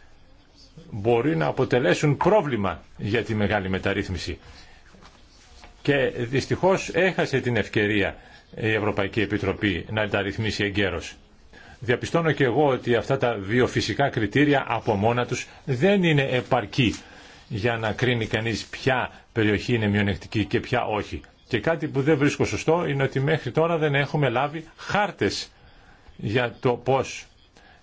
μπορεί να αποτελέσουν πρόβλημα για τη μεγάλη μεταρρύθμιση και δυστυχώς έχασε την ευκαιρία η Ευρωπαϊκή Επιτροπή να τα ρυθμίσει εγκαίρως. Διαπιστώνω και εγώ ότι αυτά τα βιοφυσικά κριτήρια από μόνα τους δεν είναι επαρκή για να κρίνει κανείς ποια περιοχή είναι μειονεκτική και ποια όχι. Και κάτι που δεν βρίσκω σωστό είναι ότι μέχρι τώρα δεν έχουμε λάβει χάρτες για το πώς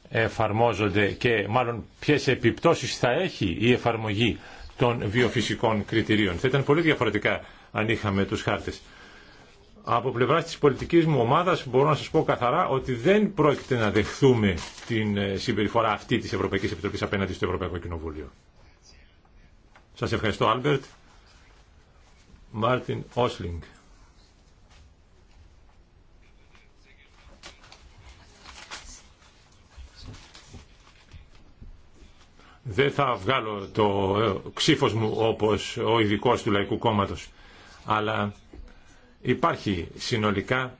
εφαρμόζονται και μάλλον ποιες επιπτώσεις θα έχει η εφαρμογή των βιοφυσικών κριτηρίων. Θα ήταν πολύ διαφορετικά αν είχαμε τους χάρτες. Από πλευράς της πολιτικής μου ομάδας μπορώ να σας πω καθαρά ότι δεν πρόκειται να δεχθούμε την ε, συμπεριφορά αυτή της Ευρωπαϊκής Επιτροπής απέναντι στο Ευρωπαϊκό Κοινοβούλιο. Σας ευχαριστώ Άλμπερτ. Μάρτιν Όσλινγκ. Δεν θα βγάλω το ε, ξύφος μου όπως ο ειδικό του Λαϊκού Κόμματος αλλά υπάρχει συνολικά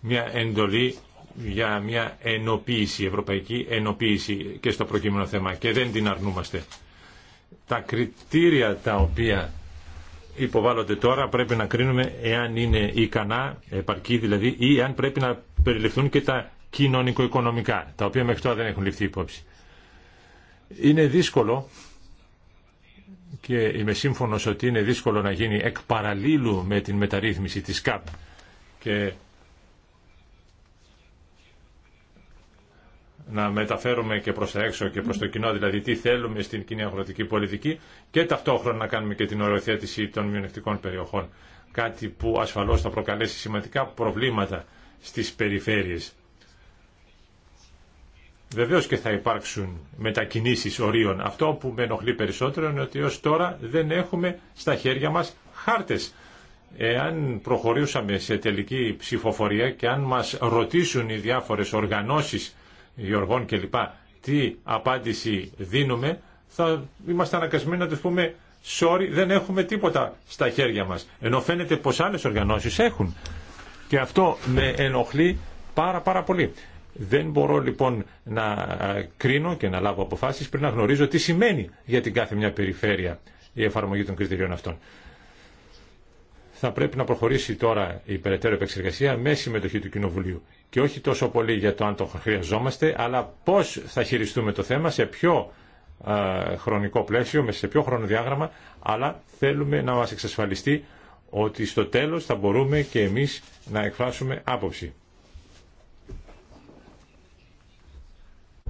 μια εντολή για μια ενοποίηση, ευρωπαϊκή ενοποίηση και στο προκείμενο θέμα και δεν την αρνούμαστε. Τα κριτήρια τα οποία υποβάλλονται τώρα πρέπει να κρίνουμε εάν είναι ικανά, επαρκή δηλαδή, ή αν πρέπει να περιληφθούν και τα κοινωνικο-οικονομικά, τα οποία μέχρι τώρα δεν έχουν ληφθεί υπόψη. Είναι δύσκολο και είμαι σύμφωνος ότι είναι δύσκολο να γίνει εκ παραλίλου με την μεταρρύθμιση της ΚΑΠ και να μεταφέρουμε και προς τα έξω και προς το κοινό, δηλαδή τι θέλουμε στην κοινή αγροτική πολιτική και ταυτόχρονα να κάνουμε και την οριοθέτηση των μειονεκτικών περιοχών. Κάτι που ασφαλώς θα προκαλέσει σημαντικά προβλήματα στις περιφέρειες. Βεβαίω και θα υπάρξουν μετακινήσεις ορίων. Αυτό που με ενοχλεί περισσότερο είναι ότι ως τώρα δεν έχουμε στα χέρια μας χάρτες. Εάν προχωρήσαμε σε τελική ψηφοφορία και αν μας ρωτήσουν οι διάφορες οργανώσεις γεωργών κλπ τι απάντηση δίνουμε, θα είμαστε αναγκασμένοι να του πούμε sorry, δεν έχουμε τίποτα στα χέρια μας. Ενώ φαίνεται πως άλλες οργανώσεις έχουν. Και αυτό με ενοχλεί πάρα πάρα πολύ. Δεν μπορώ λοιπόν να ε, κρίνω και να λάβω αποφάσεις πριν να γνωρίζω τι σημαίνει για την κάθε μια περιφέρεια η εφαρμογή των κριτηρίων αυτών. Θα πρέπει να προχωρήσει τώρα η περαιτέρω επεξεργασία με συμμετοχή του Κοινοβουλίου και όχι τόσο πολύ για το αν το χρειαζόμαστε, αλλά πώς θα χειριστούμε το θέμα, σε ποιο ε, χρονικό πλαίσιο, σε ποιο χρονοδιάγραμμα, αλλά θέλουμε να μας εξασφαλιστεί ότι στο τέλος θα μπορούμε και εμείς να εκφράσουμε άποψη.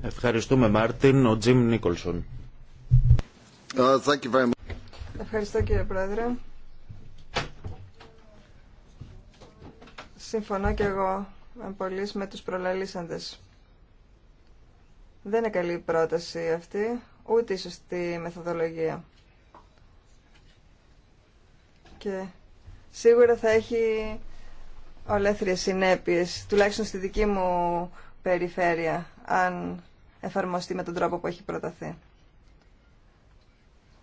Ευχαριστούμε Μάρτιν. Ο Τζιμ Νίκολσον. Uh, Ευχαριστώ κύριε Πρόεδρε. Συμφωνώ και εγώ με πολλοί με τους προλαλήσαντες. Δεν είναι καλή πρόταση αυτή, ούτε η σωστή μεθοδολογία. Και σίγουρα θα έχει ολέθριες συνέπειες, τουλάχιστον στη δική μου περιφέρεια, αν εφαρμοστεί με τον τρόπο που έχει προταθεί.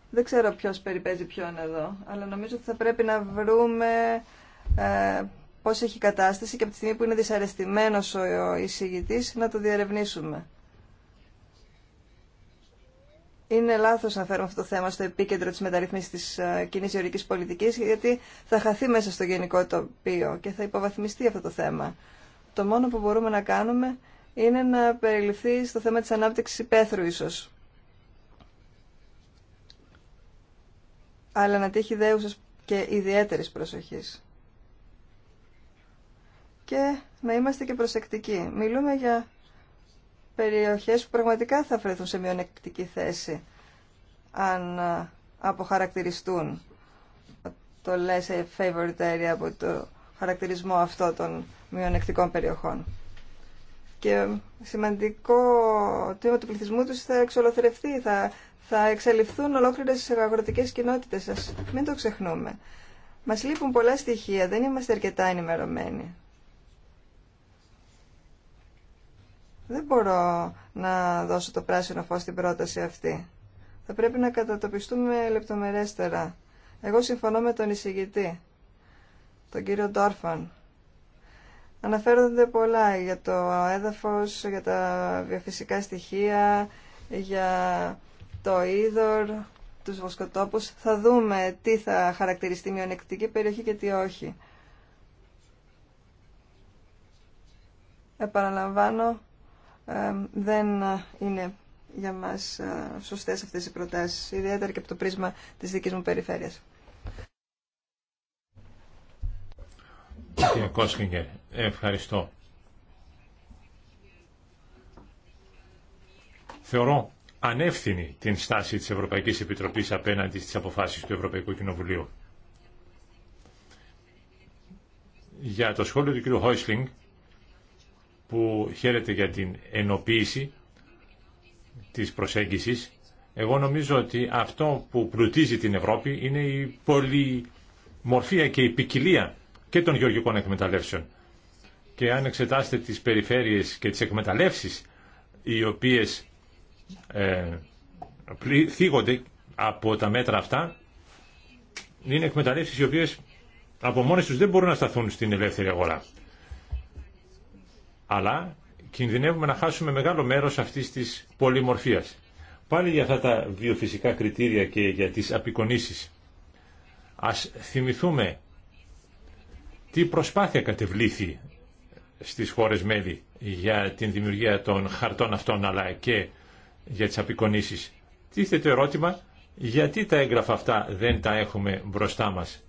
Δεν ξέρω ποιος περιπέζει ποιον εδώ, αλλά νομίζω ότι θα πρέπει να βρούμε ε, πώς έχει κατάσταση και από τη στιγμή που είναι δυσαρεστημένος ο εισηγητής να το διαρευνήσουμε. Είναι λάθο να φέρουμε αυτό το θέμα στο επίκεντρο τη μεταρρύθμιση τη ε, κοινή γεωργική πολιτική, γιατί θα χαθεί μέσα στο γενικό τοπίο και θα υποβαθμιστεί αυτό το θέμα. Το μόνο που μπορούμε να κάνουμε είναι να περιληφθεί στο θέμα της ανάπτυξης υπαίθρου ίσως. Αλλά να τύχει δέουσας και ιδιαίτερης προσοχής. Και να είμαστε και προσεκτικοί. Μιλούμε για περιοχές που πραγματικά θα βρεθούν σε μειονεκτική θέση αν αποχαρακτηριστούν το less favorite area από το χαρακτηρισμό αυτό των μειονεκτικών περιοχών και σημαντικό τμήμα του πληθυσμού τους θα εξολοθερευτεί, θα, θα εξαλειφθούν ολόκληρες αγροτικές κοινότητες σας. Μην το ξεχνούμε. Μας λείπουν πολλά στοιχεία, δεν είμαστε αρκετά ενημερωμένοι. Δεν μπορώ να δώσω το πράσινο φως στην πρόταση αυτή. Θα πρέπει να κατατοπιστούμε λεπτομερέστερα. Εγώ συμφωνώ με τον εισηγητή, τον κύριο Ντόρφαν. Αναφέρονται πολλά για το έδαφος, για τα βιοφυσικά στοιχεία, για το είδωρ, τους βοσκοτόπους. Θα δούμε τι θα χαρακτηριστεί μειονεκτική περιοχή και τι όχι. Επαναλαμβάνω, δεν είναι για μας ε, σωστές αυτές οι προτάσεις, ιδιαίτερα και από το πρίσμα της δικής μου περιφέρειας. Κύριε Κόσλιγκερ, ευχαριστώ. Θεωρώ ανεύθυνη την στάση της Ευρωπαϊκής Επιτροπής απέναντι στις αποφάσεις του Ευρωπαϊκού Κοινοβουλίου. Για το σχόλιο του κ. Χόισλινγκ, που χαίρεται για την ενοποίηση της προσέγγισης, εγώ νομίζω ότι αυτό που πλουτίζει την Ευρώπη είναι η πολυμορφία και η ποικιλία και των γεωργικών εκμεταλλεύσεων. Και αν εξετάσετε τις περιφέρειες και τις εκμεταλλεύσεις οι οποίες ε, θίγονται από τα μέτρα αυτά, είναι εκμεταλλεύσεις οι οποίες από μόνες τους δεν μπορούν να σταθούν στην ελεύθερη αγορά. Αλλά κινδυνεύουμε να χάσουμε μεγάλο μέρος αυτής της πολυμορφίας. Πάλι για αυτά τα βιοφυσικά κριτήρια και για τις απεικονίσεις. Ας θυμηθούμε τι προσπάθεια κατεβλήθη στις χώρες μέλη για την δημιουργία των χαρτών αυτών αλλά και για τις απεικονίσεις. Τίθεται το ερώτημα γιατί τα έγγραφα αυτά δεν τα έχουμε μπροστά μας.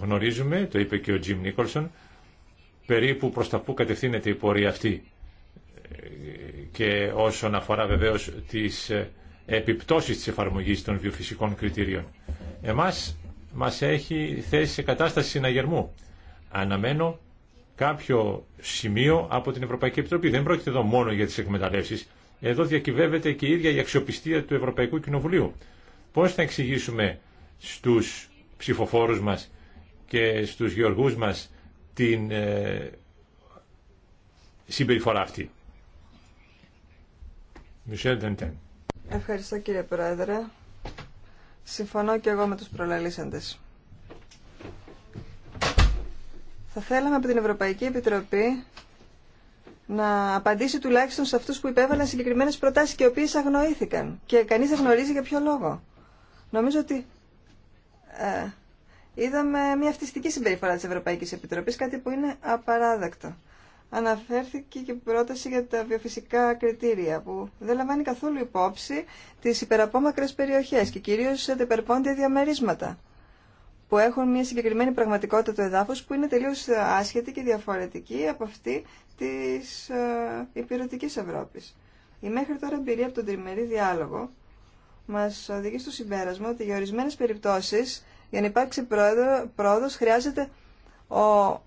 Γνωρίζουμε, το είπε και ο Τζιμ Νίκολσον, περίπου προς τα που κατευθύνεται η πορεία αυτή και όσον αφορά βεβαίως τις ε, επιπτώσεις της εφαρμογής των βιοφυσικών κριτηρίων. Εμάς μας έχει θέσει σε κατάσταση συναγερμού αναμένω κάποιο σημείο από την Ευρωπαϊκή Επιτροπή. Δεν πρόκειται εδώ μόνο για τις εκμεταλλεύσεις. Εδώ διακυβεύεται και η ίδια η αξιοπιστία του Ευρωπαϊκού Κοινοβουλίου. Πώς θα εξηγήσουμε στους ψηφοφόρους μας και στους γεωργούς μας την ε, συμπεριφορά αυτή. Ευχαριστώ κύριε Πρόεδρε. Συμφωνώ και εγώ με τους προλαλήσαντες. Θα θέλαμε από την Ευρωπαϊκή Επιτροπή να απαντήσει τουλάχιστον σε αυτούς που υπέβαλαν συγκεκριμένες προτάσεις και οι οποίες αγνοήθηκαν και κανείς δεν γνωρίζει για ποιο λόγο. Νομίζω ότι ε, είδαμε μια αυτιστική συμπεριφορά της Ευρωπαϊκής Επιτροπής, κάτι που είναι απαράδεκτο. Αναφέρθηκε και η πρόταση για τα βιοφυσικά κριτήρια που δεν λαμβάνει καθόλου υπόψη τις υπεραπόμακρες περιοχές και κυρίως τα υπερπόντια διαμερίσματα που έχουν μια συγκεκριμένη πραγματικότητα του εδάφους που είναι τελείως άσχετη και διαφορετική από αυτή της ε, υπηρετικής Ευρώπης. Η μέχρι τώρα εμπειρία από τον τριμερή διάλογο μας οδηγεί στο συμπέρασμα ότι για ορισμένες περιπτώσεις για να υπάρξει πρόοδος χρειάζεται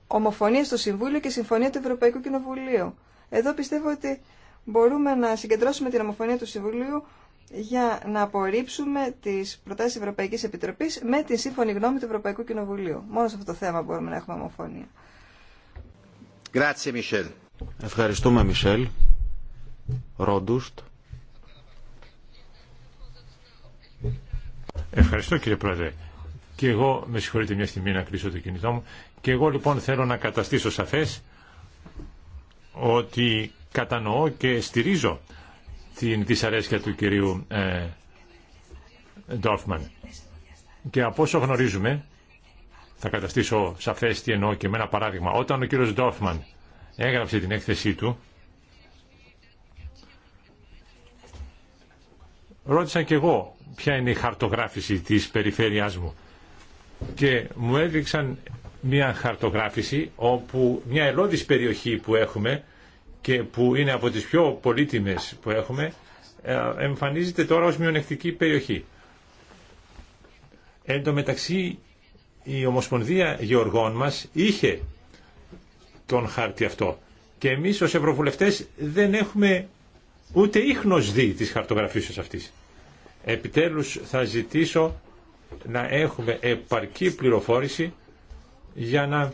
ομοφωνία στο Συμβούλιο και συμφωνία του Ευρωπαϊκού Κοινοβουλίου. Εδώ πιστεύω ότι μπορούμε να συγκεντρώσουμε την ομοφωνία του Συμβουλίου για να απορρίψουμε τις προτάσεις Ευρωπαϊκή Επιτροπή με τη σύμφωνη γνώμη του Ευρωπαϊκού Κοινοβουλίου. Μόνο σε αυτό το θέμα μπορούμε να έχουμε ομοφωνία. Ευχαριστούμε, Μισελ. Ρόντουστ. Ευχαριστώ, κύριε Πρόεδρε. Και εγώ, με συγχωρείτε μια στιγμή να κλείσω το κινητό μου, και εγώ λοιπόν θέλω να καταστήσω σαφές ότι κατανοώ και στηρίζω την δυσαρέσκεια του κυρίου ε, Ντόρφμαν. Και από όσο γνωρίζουμε, θα καταστήσω σαφές τι εννοώ και με ένα παράδειγμα. Όταν ο κύριος Ντόρφμαν έγραψε την έκθεσή του, ρώτησα και εγώ ποια είναι η χαρτογράφηση της περιφέρειάς μου. Και μου έδειξαν μια χαρτογράφηση όπου μια ελώδης περιοχή που έχουμε και που είναι από τις πιο πολύτιμες που έχουμε ε, εμφανίζεται τώρα ως μειονεκτική περιοχή. Εν τω μεταξύ η Ομοσπονδία Γεωργών μας είχε τον χάρτη αυτό και εμείς ως Ευρωβουλευτές δεν έχουμε ούτε ίχνος δει της χαρτογραφήσεως αυτής. Επιτέλους θα ζητήσω να έχουμε επαρκή πληροφόρηση για να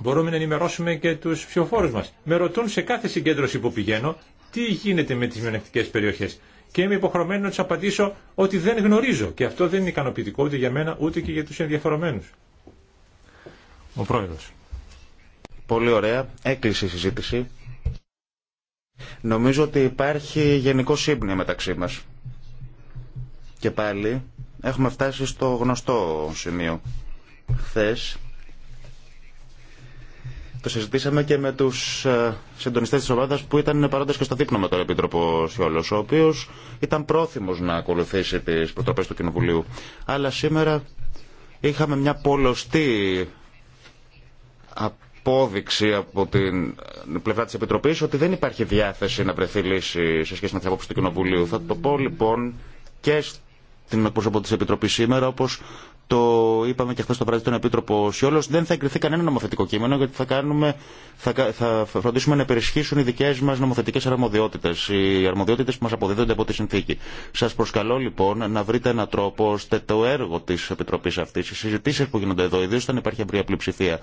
μπορούμε να ενημερώσουμε και του ψηφοφόρου μα. Με ρωτούν σε κάθε συγκέντρωση που πηγαίνω τι γίνεται με τις μειονεκτικές περιοχές. Και είμαι υποχρεωμένο να του απαντήσω ότι δεν γνωρίζω. Και αυτό δεν είναι ικανοποιητικό ούτε για μένα ούτε και για τους ενδιαφερομένους. Ο Πρόεδρος. Πολύ ωραία. Έκλεισε η συζήτηση. Νομίζω ότι υπάρχει γενικό σύμπνοια μεταξύ μας. Και πάλι έχουμε φτάσει στο γνωστό σημείο. Χθες το συζητήσαμε και με του ε, συντονιστέ τη ομάδα που ήταν παρόντε και στο δείπνο με τον Επίτροπο Σιόλο, ο οποίο ήταν πρόθυμο να ακολουθήσει τι προτροπέ του Κοινοβουλίου. Αλλά σήμερα είχαμε μια πολλωστή απόδειξη από την πλευρά τη Επιτροπή ότι δεν υπάρχει διάθεση να βρεθεί λύση σε σχέση με τι απόψει του Κοινοβουλίου. Θα το πω λοιπόν και στην εκπρόσωπο τη Επιτροπή σήμερα, όπω το είπαμε και χθε το βράδυ τον Επίτροπο Σιόλο. Δεν θα εγκριθεί κανένα νομοθετικό κείμενο γιατί θα, κάνουμε, θα, θα φροντίσουμε να υπερισχύσουν οι δικέ μα νομοθετικέ αρμοδιότητε. Οι αρμοδιότητε που μα αποδίδονται από τη συνθήκη. Σα προσκαλώ λοιπόν να βρείτε έναν τρόπο ώστε το έργο τη Επιτροπή αυτή, οι συζητήσει που γίνονται εδώ, ιδίω όταν υπάρχει ευρία πλειοψηφία,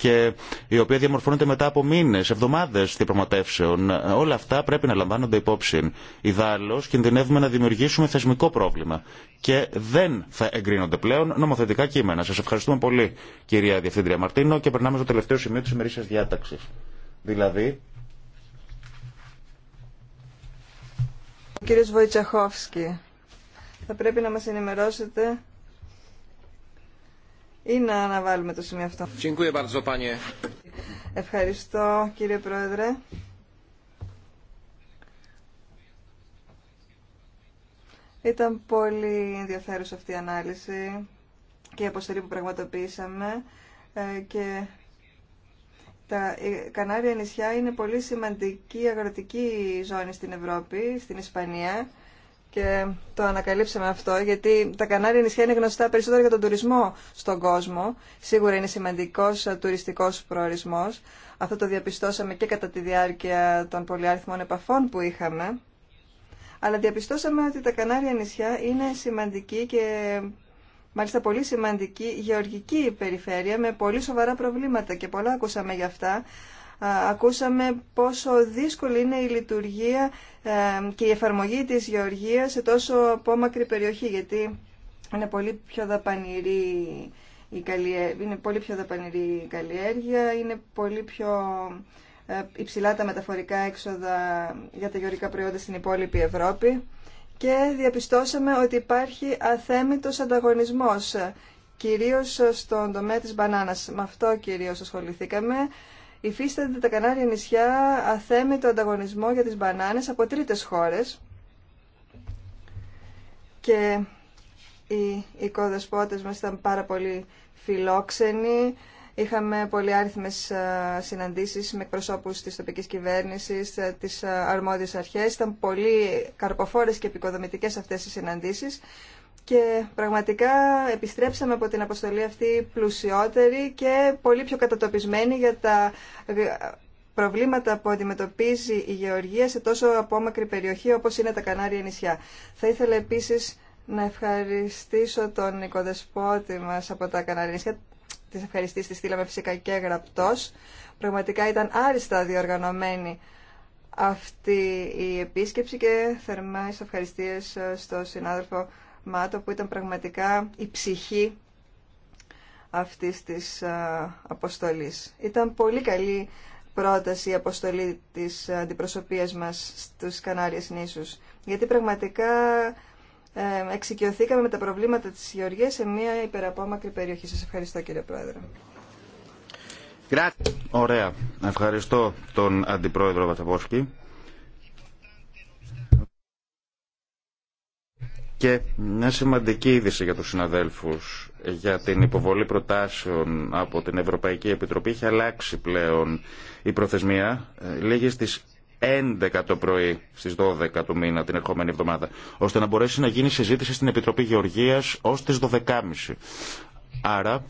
και η οποία διαμορφώνεται μετά από μήνε, εβδομάδε διαπραγματεύσεων. Όλα αυτά πρέπει να λαμβάνονται υπόψη. Ιδάλω κινδυνεύουμε να δημιουργήσουμε θεσμικό πρόβλημα και δεν θα εγκρίνονται πλέον νομοθετικά κείμενα. Σα ευχαριστούμε πολύ, κυρία Διευθύντρια Μαρτίνο, και περνάμε στο τελευταίο σημείο τη ημερήσια διάταξη. Δηλαδή. Βοητσαχόφσκι, θα πρέπει να μας ενημερώσετε ή να αναβάλουμε το σημείο αυτό. Ευχαριστώ κύριε Πρόεδρε. Ήταν πολύ ενδιαφέρουσα αυτή η ανάλυση και η αποστολή που πραγματοποιήσαμε ε, και τα Κανάρια νησιά είναι πολύ σημαντική αγροτική ζώνη στην Ευρώπη, στην Ισπανία και το ανακαλύψαμε αυτό, γιατί τα Κανάρια νησιά είναι γνωστά περισσότερο για τον τουρισμό στον κόσμο. Σίγουρα είναι σημαντικό ε, τουριστικός προορισμός. Αυτό το διαπιστώσαμε και κατά τη διάρκεια των πολυάριθμων επαφών που είχαμε. Αλλά διαπιστώσαμε ότι τα Κανάρια νησιά είναι σημαντική και μάλιστα πολύ σημαντική γεωργική περιφέρεια με πολύ σοβαρά προβλήματα και πολλά ακούσαμε γι' αυτά ακούσαμε πόσο δύσκολη είναι η λειτουργία και η εφαρμογή της γεωργίας σε τόσο απόμακρη περιοχή, γιατί είναι πολύ πιο δαπανηρή η καλλιέργεια, είναι πολύ πιο η είναι πολύ πιο υψηλά τα μεταφορικά έξοδα για τα γεωργικά προϊόντα στην υπόλοιπη Ευρώπη και διαπιστώσαμε ότι υπάρχει αθέμητος ανταγωνισμός κυρίως στον τομέα της μπανάνας. Με αυτό κυρίως ασχοληθήκαμε. Υφίσταται τα Κανάρια νησιά αθέμητο ανταγωνισμό για τις μπανάνες από τρίτες χώρες και οι οικοδεσπότες μας ήταν πάρα πολύ φιλόξενοι. Είχαμε πολύ άριθμες συναντήσεις με εκπροσώπους της τοπικής κυβέρνησης, της αρμόδιες αρχές. Ήταν πολύ καρποφόρες και επικοδομητικές αυτές οι συναντήσεις και πραγματικά επιστρέψαμε από την αποστολή αυτή πλουσιότερη και πολύ πιο κατατοπισμένη για τα προβλήματα που αντιμετωπίζει η Γεωργία σε τόσο απόμακρη περιοχή όπως είναι τα Κανάρια νησιά. Θα ήθελα επίσης να ευχαριστήσω τον οικοδεσπότη μας από τα Κανάρια νησιά. Τις ευχαριστήσεις τη στείλαμε φυσικά και γραπτός. Πραγματικά ήταν άριστα διοργανωμένη αυτή η επίσκεψη και θερμά ευχαριστίες ε, στον συνάδελφο Μάτο που ήταν πραγματικά η ψυχή αυτής της αποστολής. Ήταν πολύ καλή πρόταση η αποστολή της αντιπροσωπείας μας στους Κανάριες νήσους, γιατί πραγματικά ε, εξοικειωθήκαμε με τα προβλήματα της Γεωργίας σε μια υπεραπόμακρη περιοχή. Σας ευχαριστώ κύριε Πρόεδρε. Ωραία. Ευχαριστώ τον Αντιπρόεδρο Βατσαπόσκη. Και μια σημαντική είδηση για τους συναδέλφους για την υποβολή προτάσεων από την Ευρωπαϊκή Επιτροπή έχει αλλάξει πλέον η προθεσμία. Ε, λίγη στις 11 το πρωί στις 12 του μήνα την ερχόμενη εβδομάδα ώστε να μπορέσει να γίνει συζήτηση στην Επιτροπή Γεωργίας ως τις 12.30. Άρα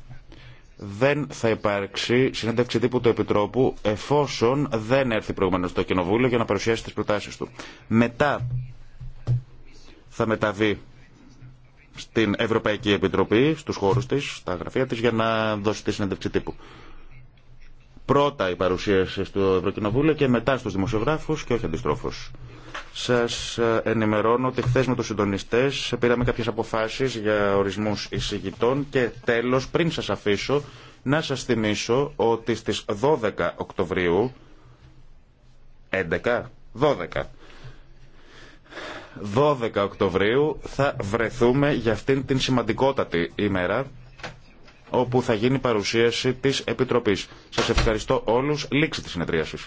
δεν θα υπάρξει συνέντευξη τύπου του Επιτρόπου εφόσον δεν έρθει προηγουμένως το Κοινοβούλιο για να παρουσιάσει τις προτάσεις του. Μετά θα μεταβεί στην Ευρωπαϊκή Επιτροπή, στους χώρους της, στα γραφεία της, για να δώσει τη συνέντευξη τύπου. Πρώτα η παρουσίαση στο Ευρωκοινοβούλιο και μετά στους δημοσιογράφους και όχι αντιστρόφως. Σας ε, ενημερώνω ότι χθε με τους συντονιστές πήραμε κάποιες αποφάσεις για ορισμούς εισηγητών και τέλος, πριν σας αφήσω, να σας θυμίσω ότι στις 12 Οκτωβρίου, 11, 12, 12 Οκτωβρίου θα βρεθούμε για αυτήν την σημαντικότατη ημέρα όπου θα γίνει παρουσίαση της Επιτροπής. Σας ευχαριστώ όλους. Λήξη της συνεδρίασης.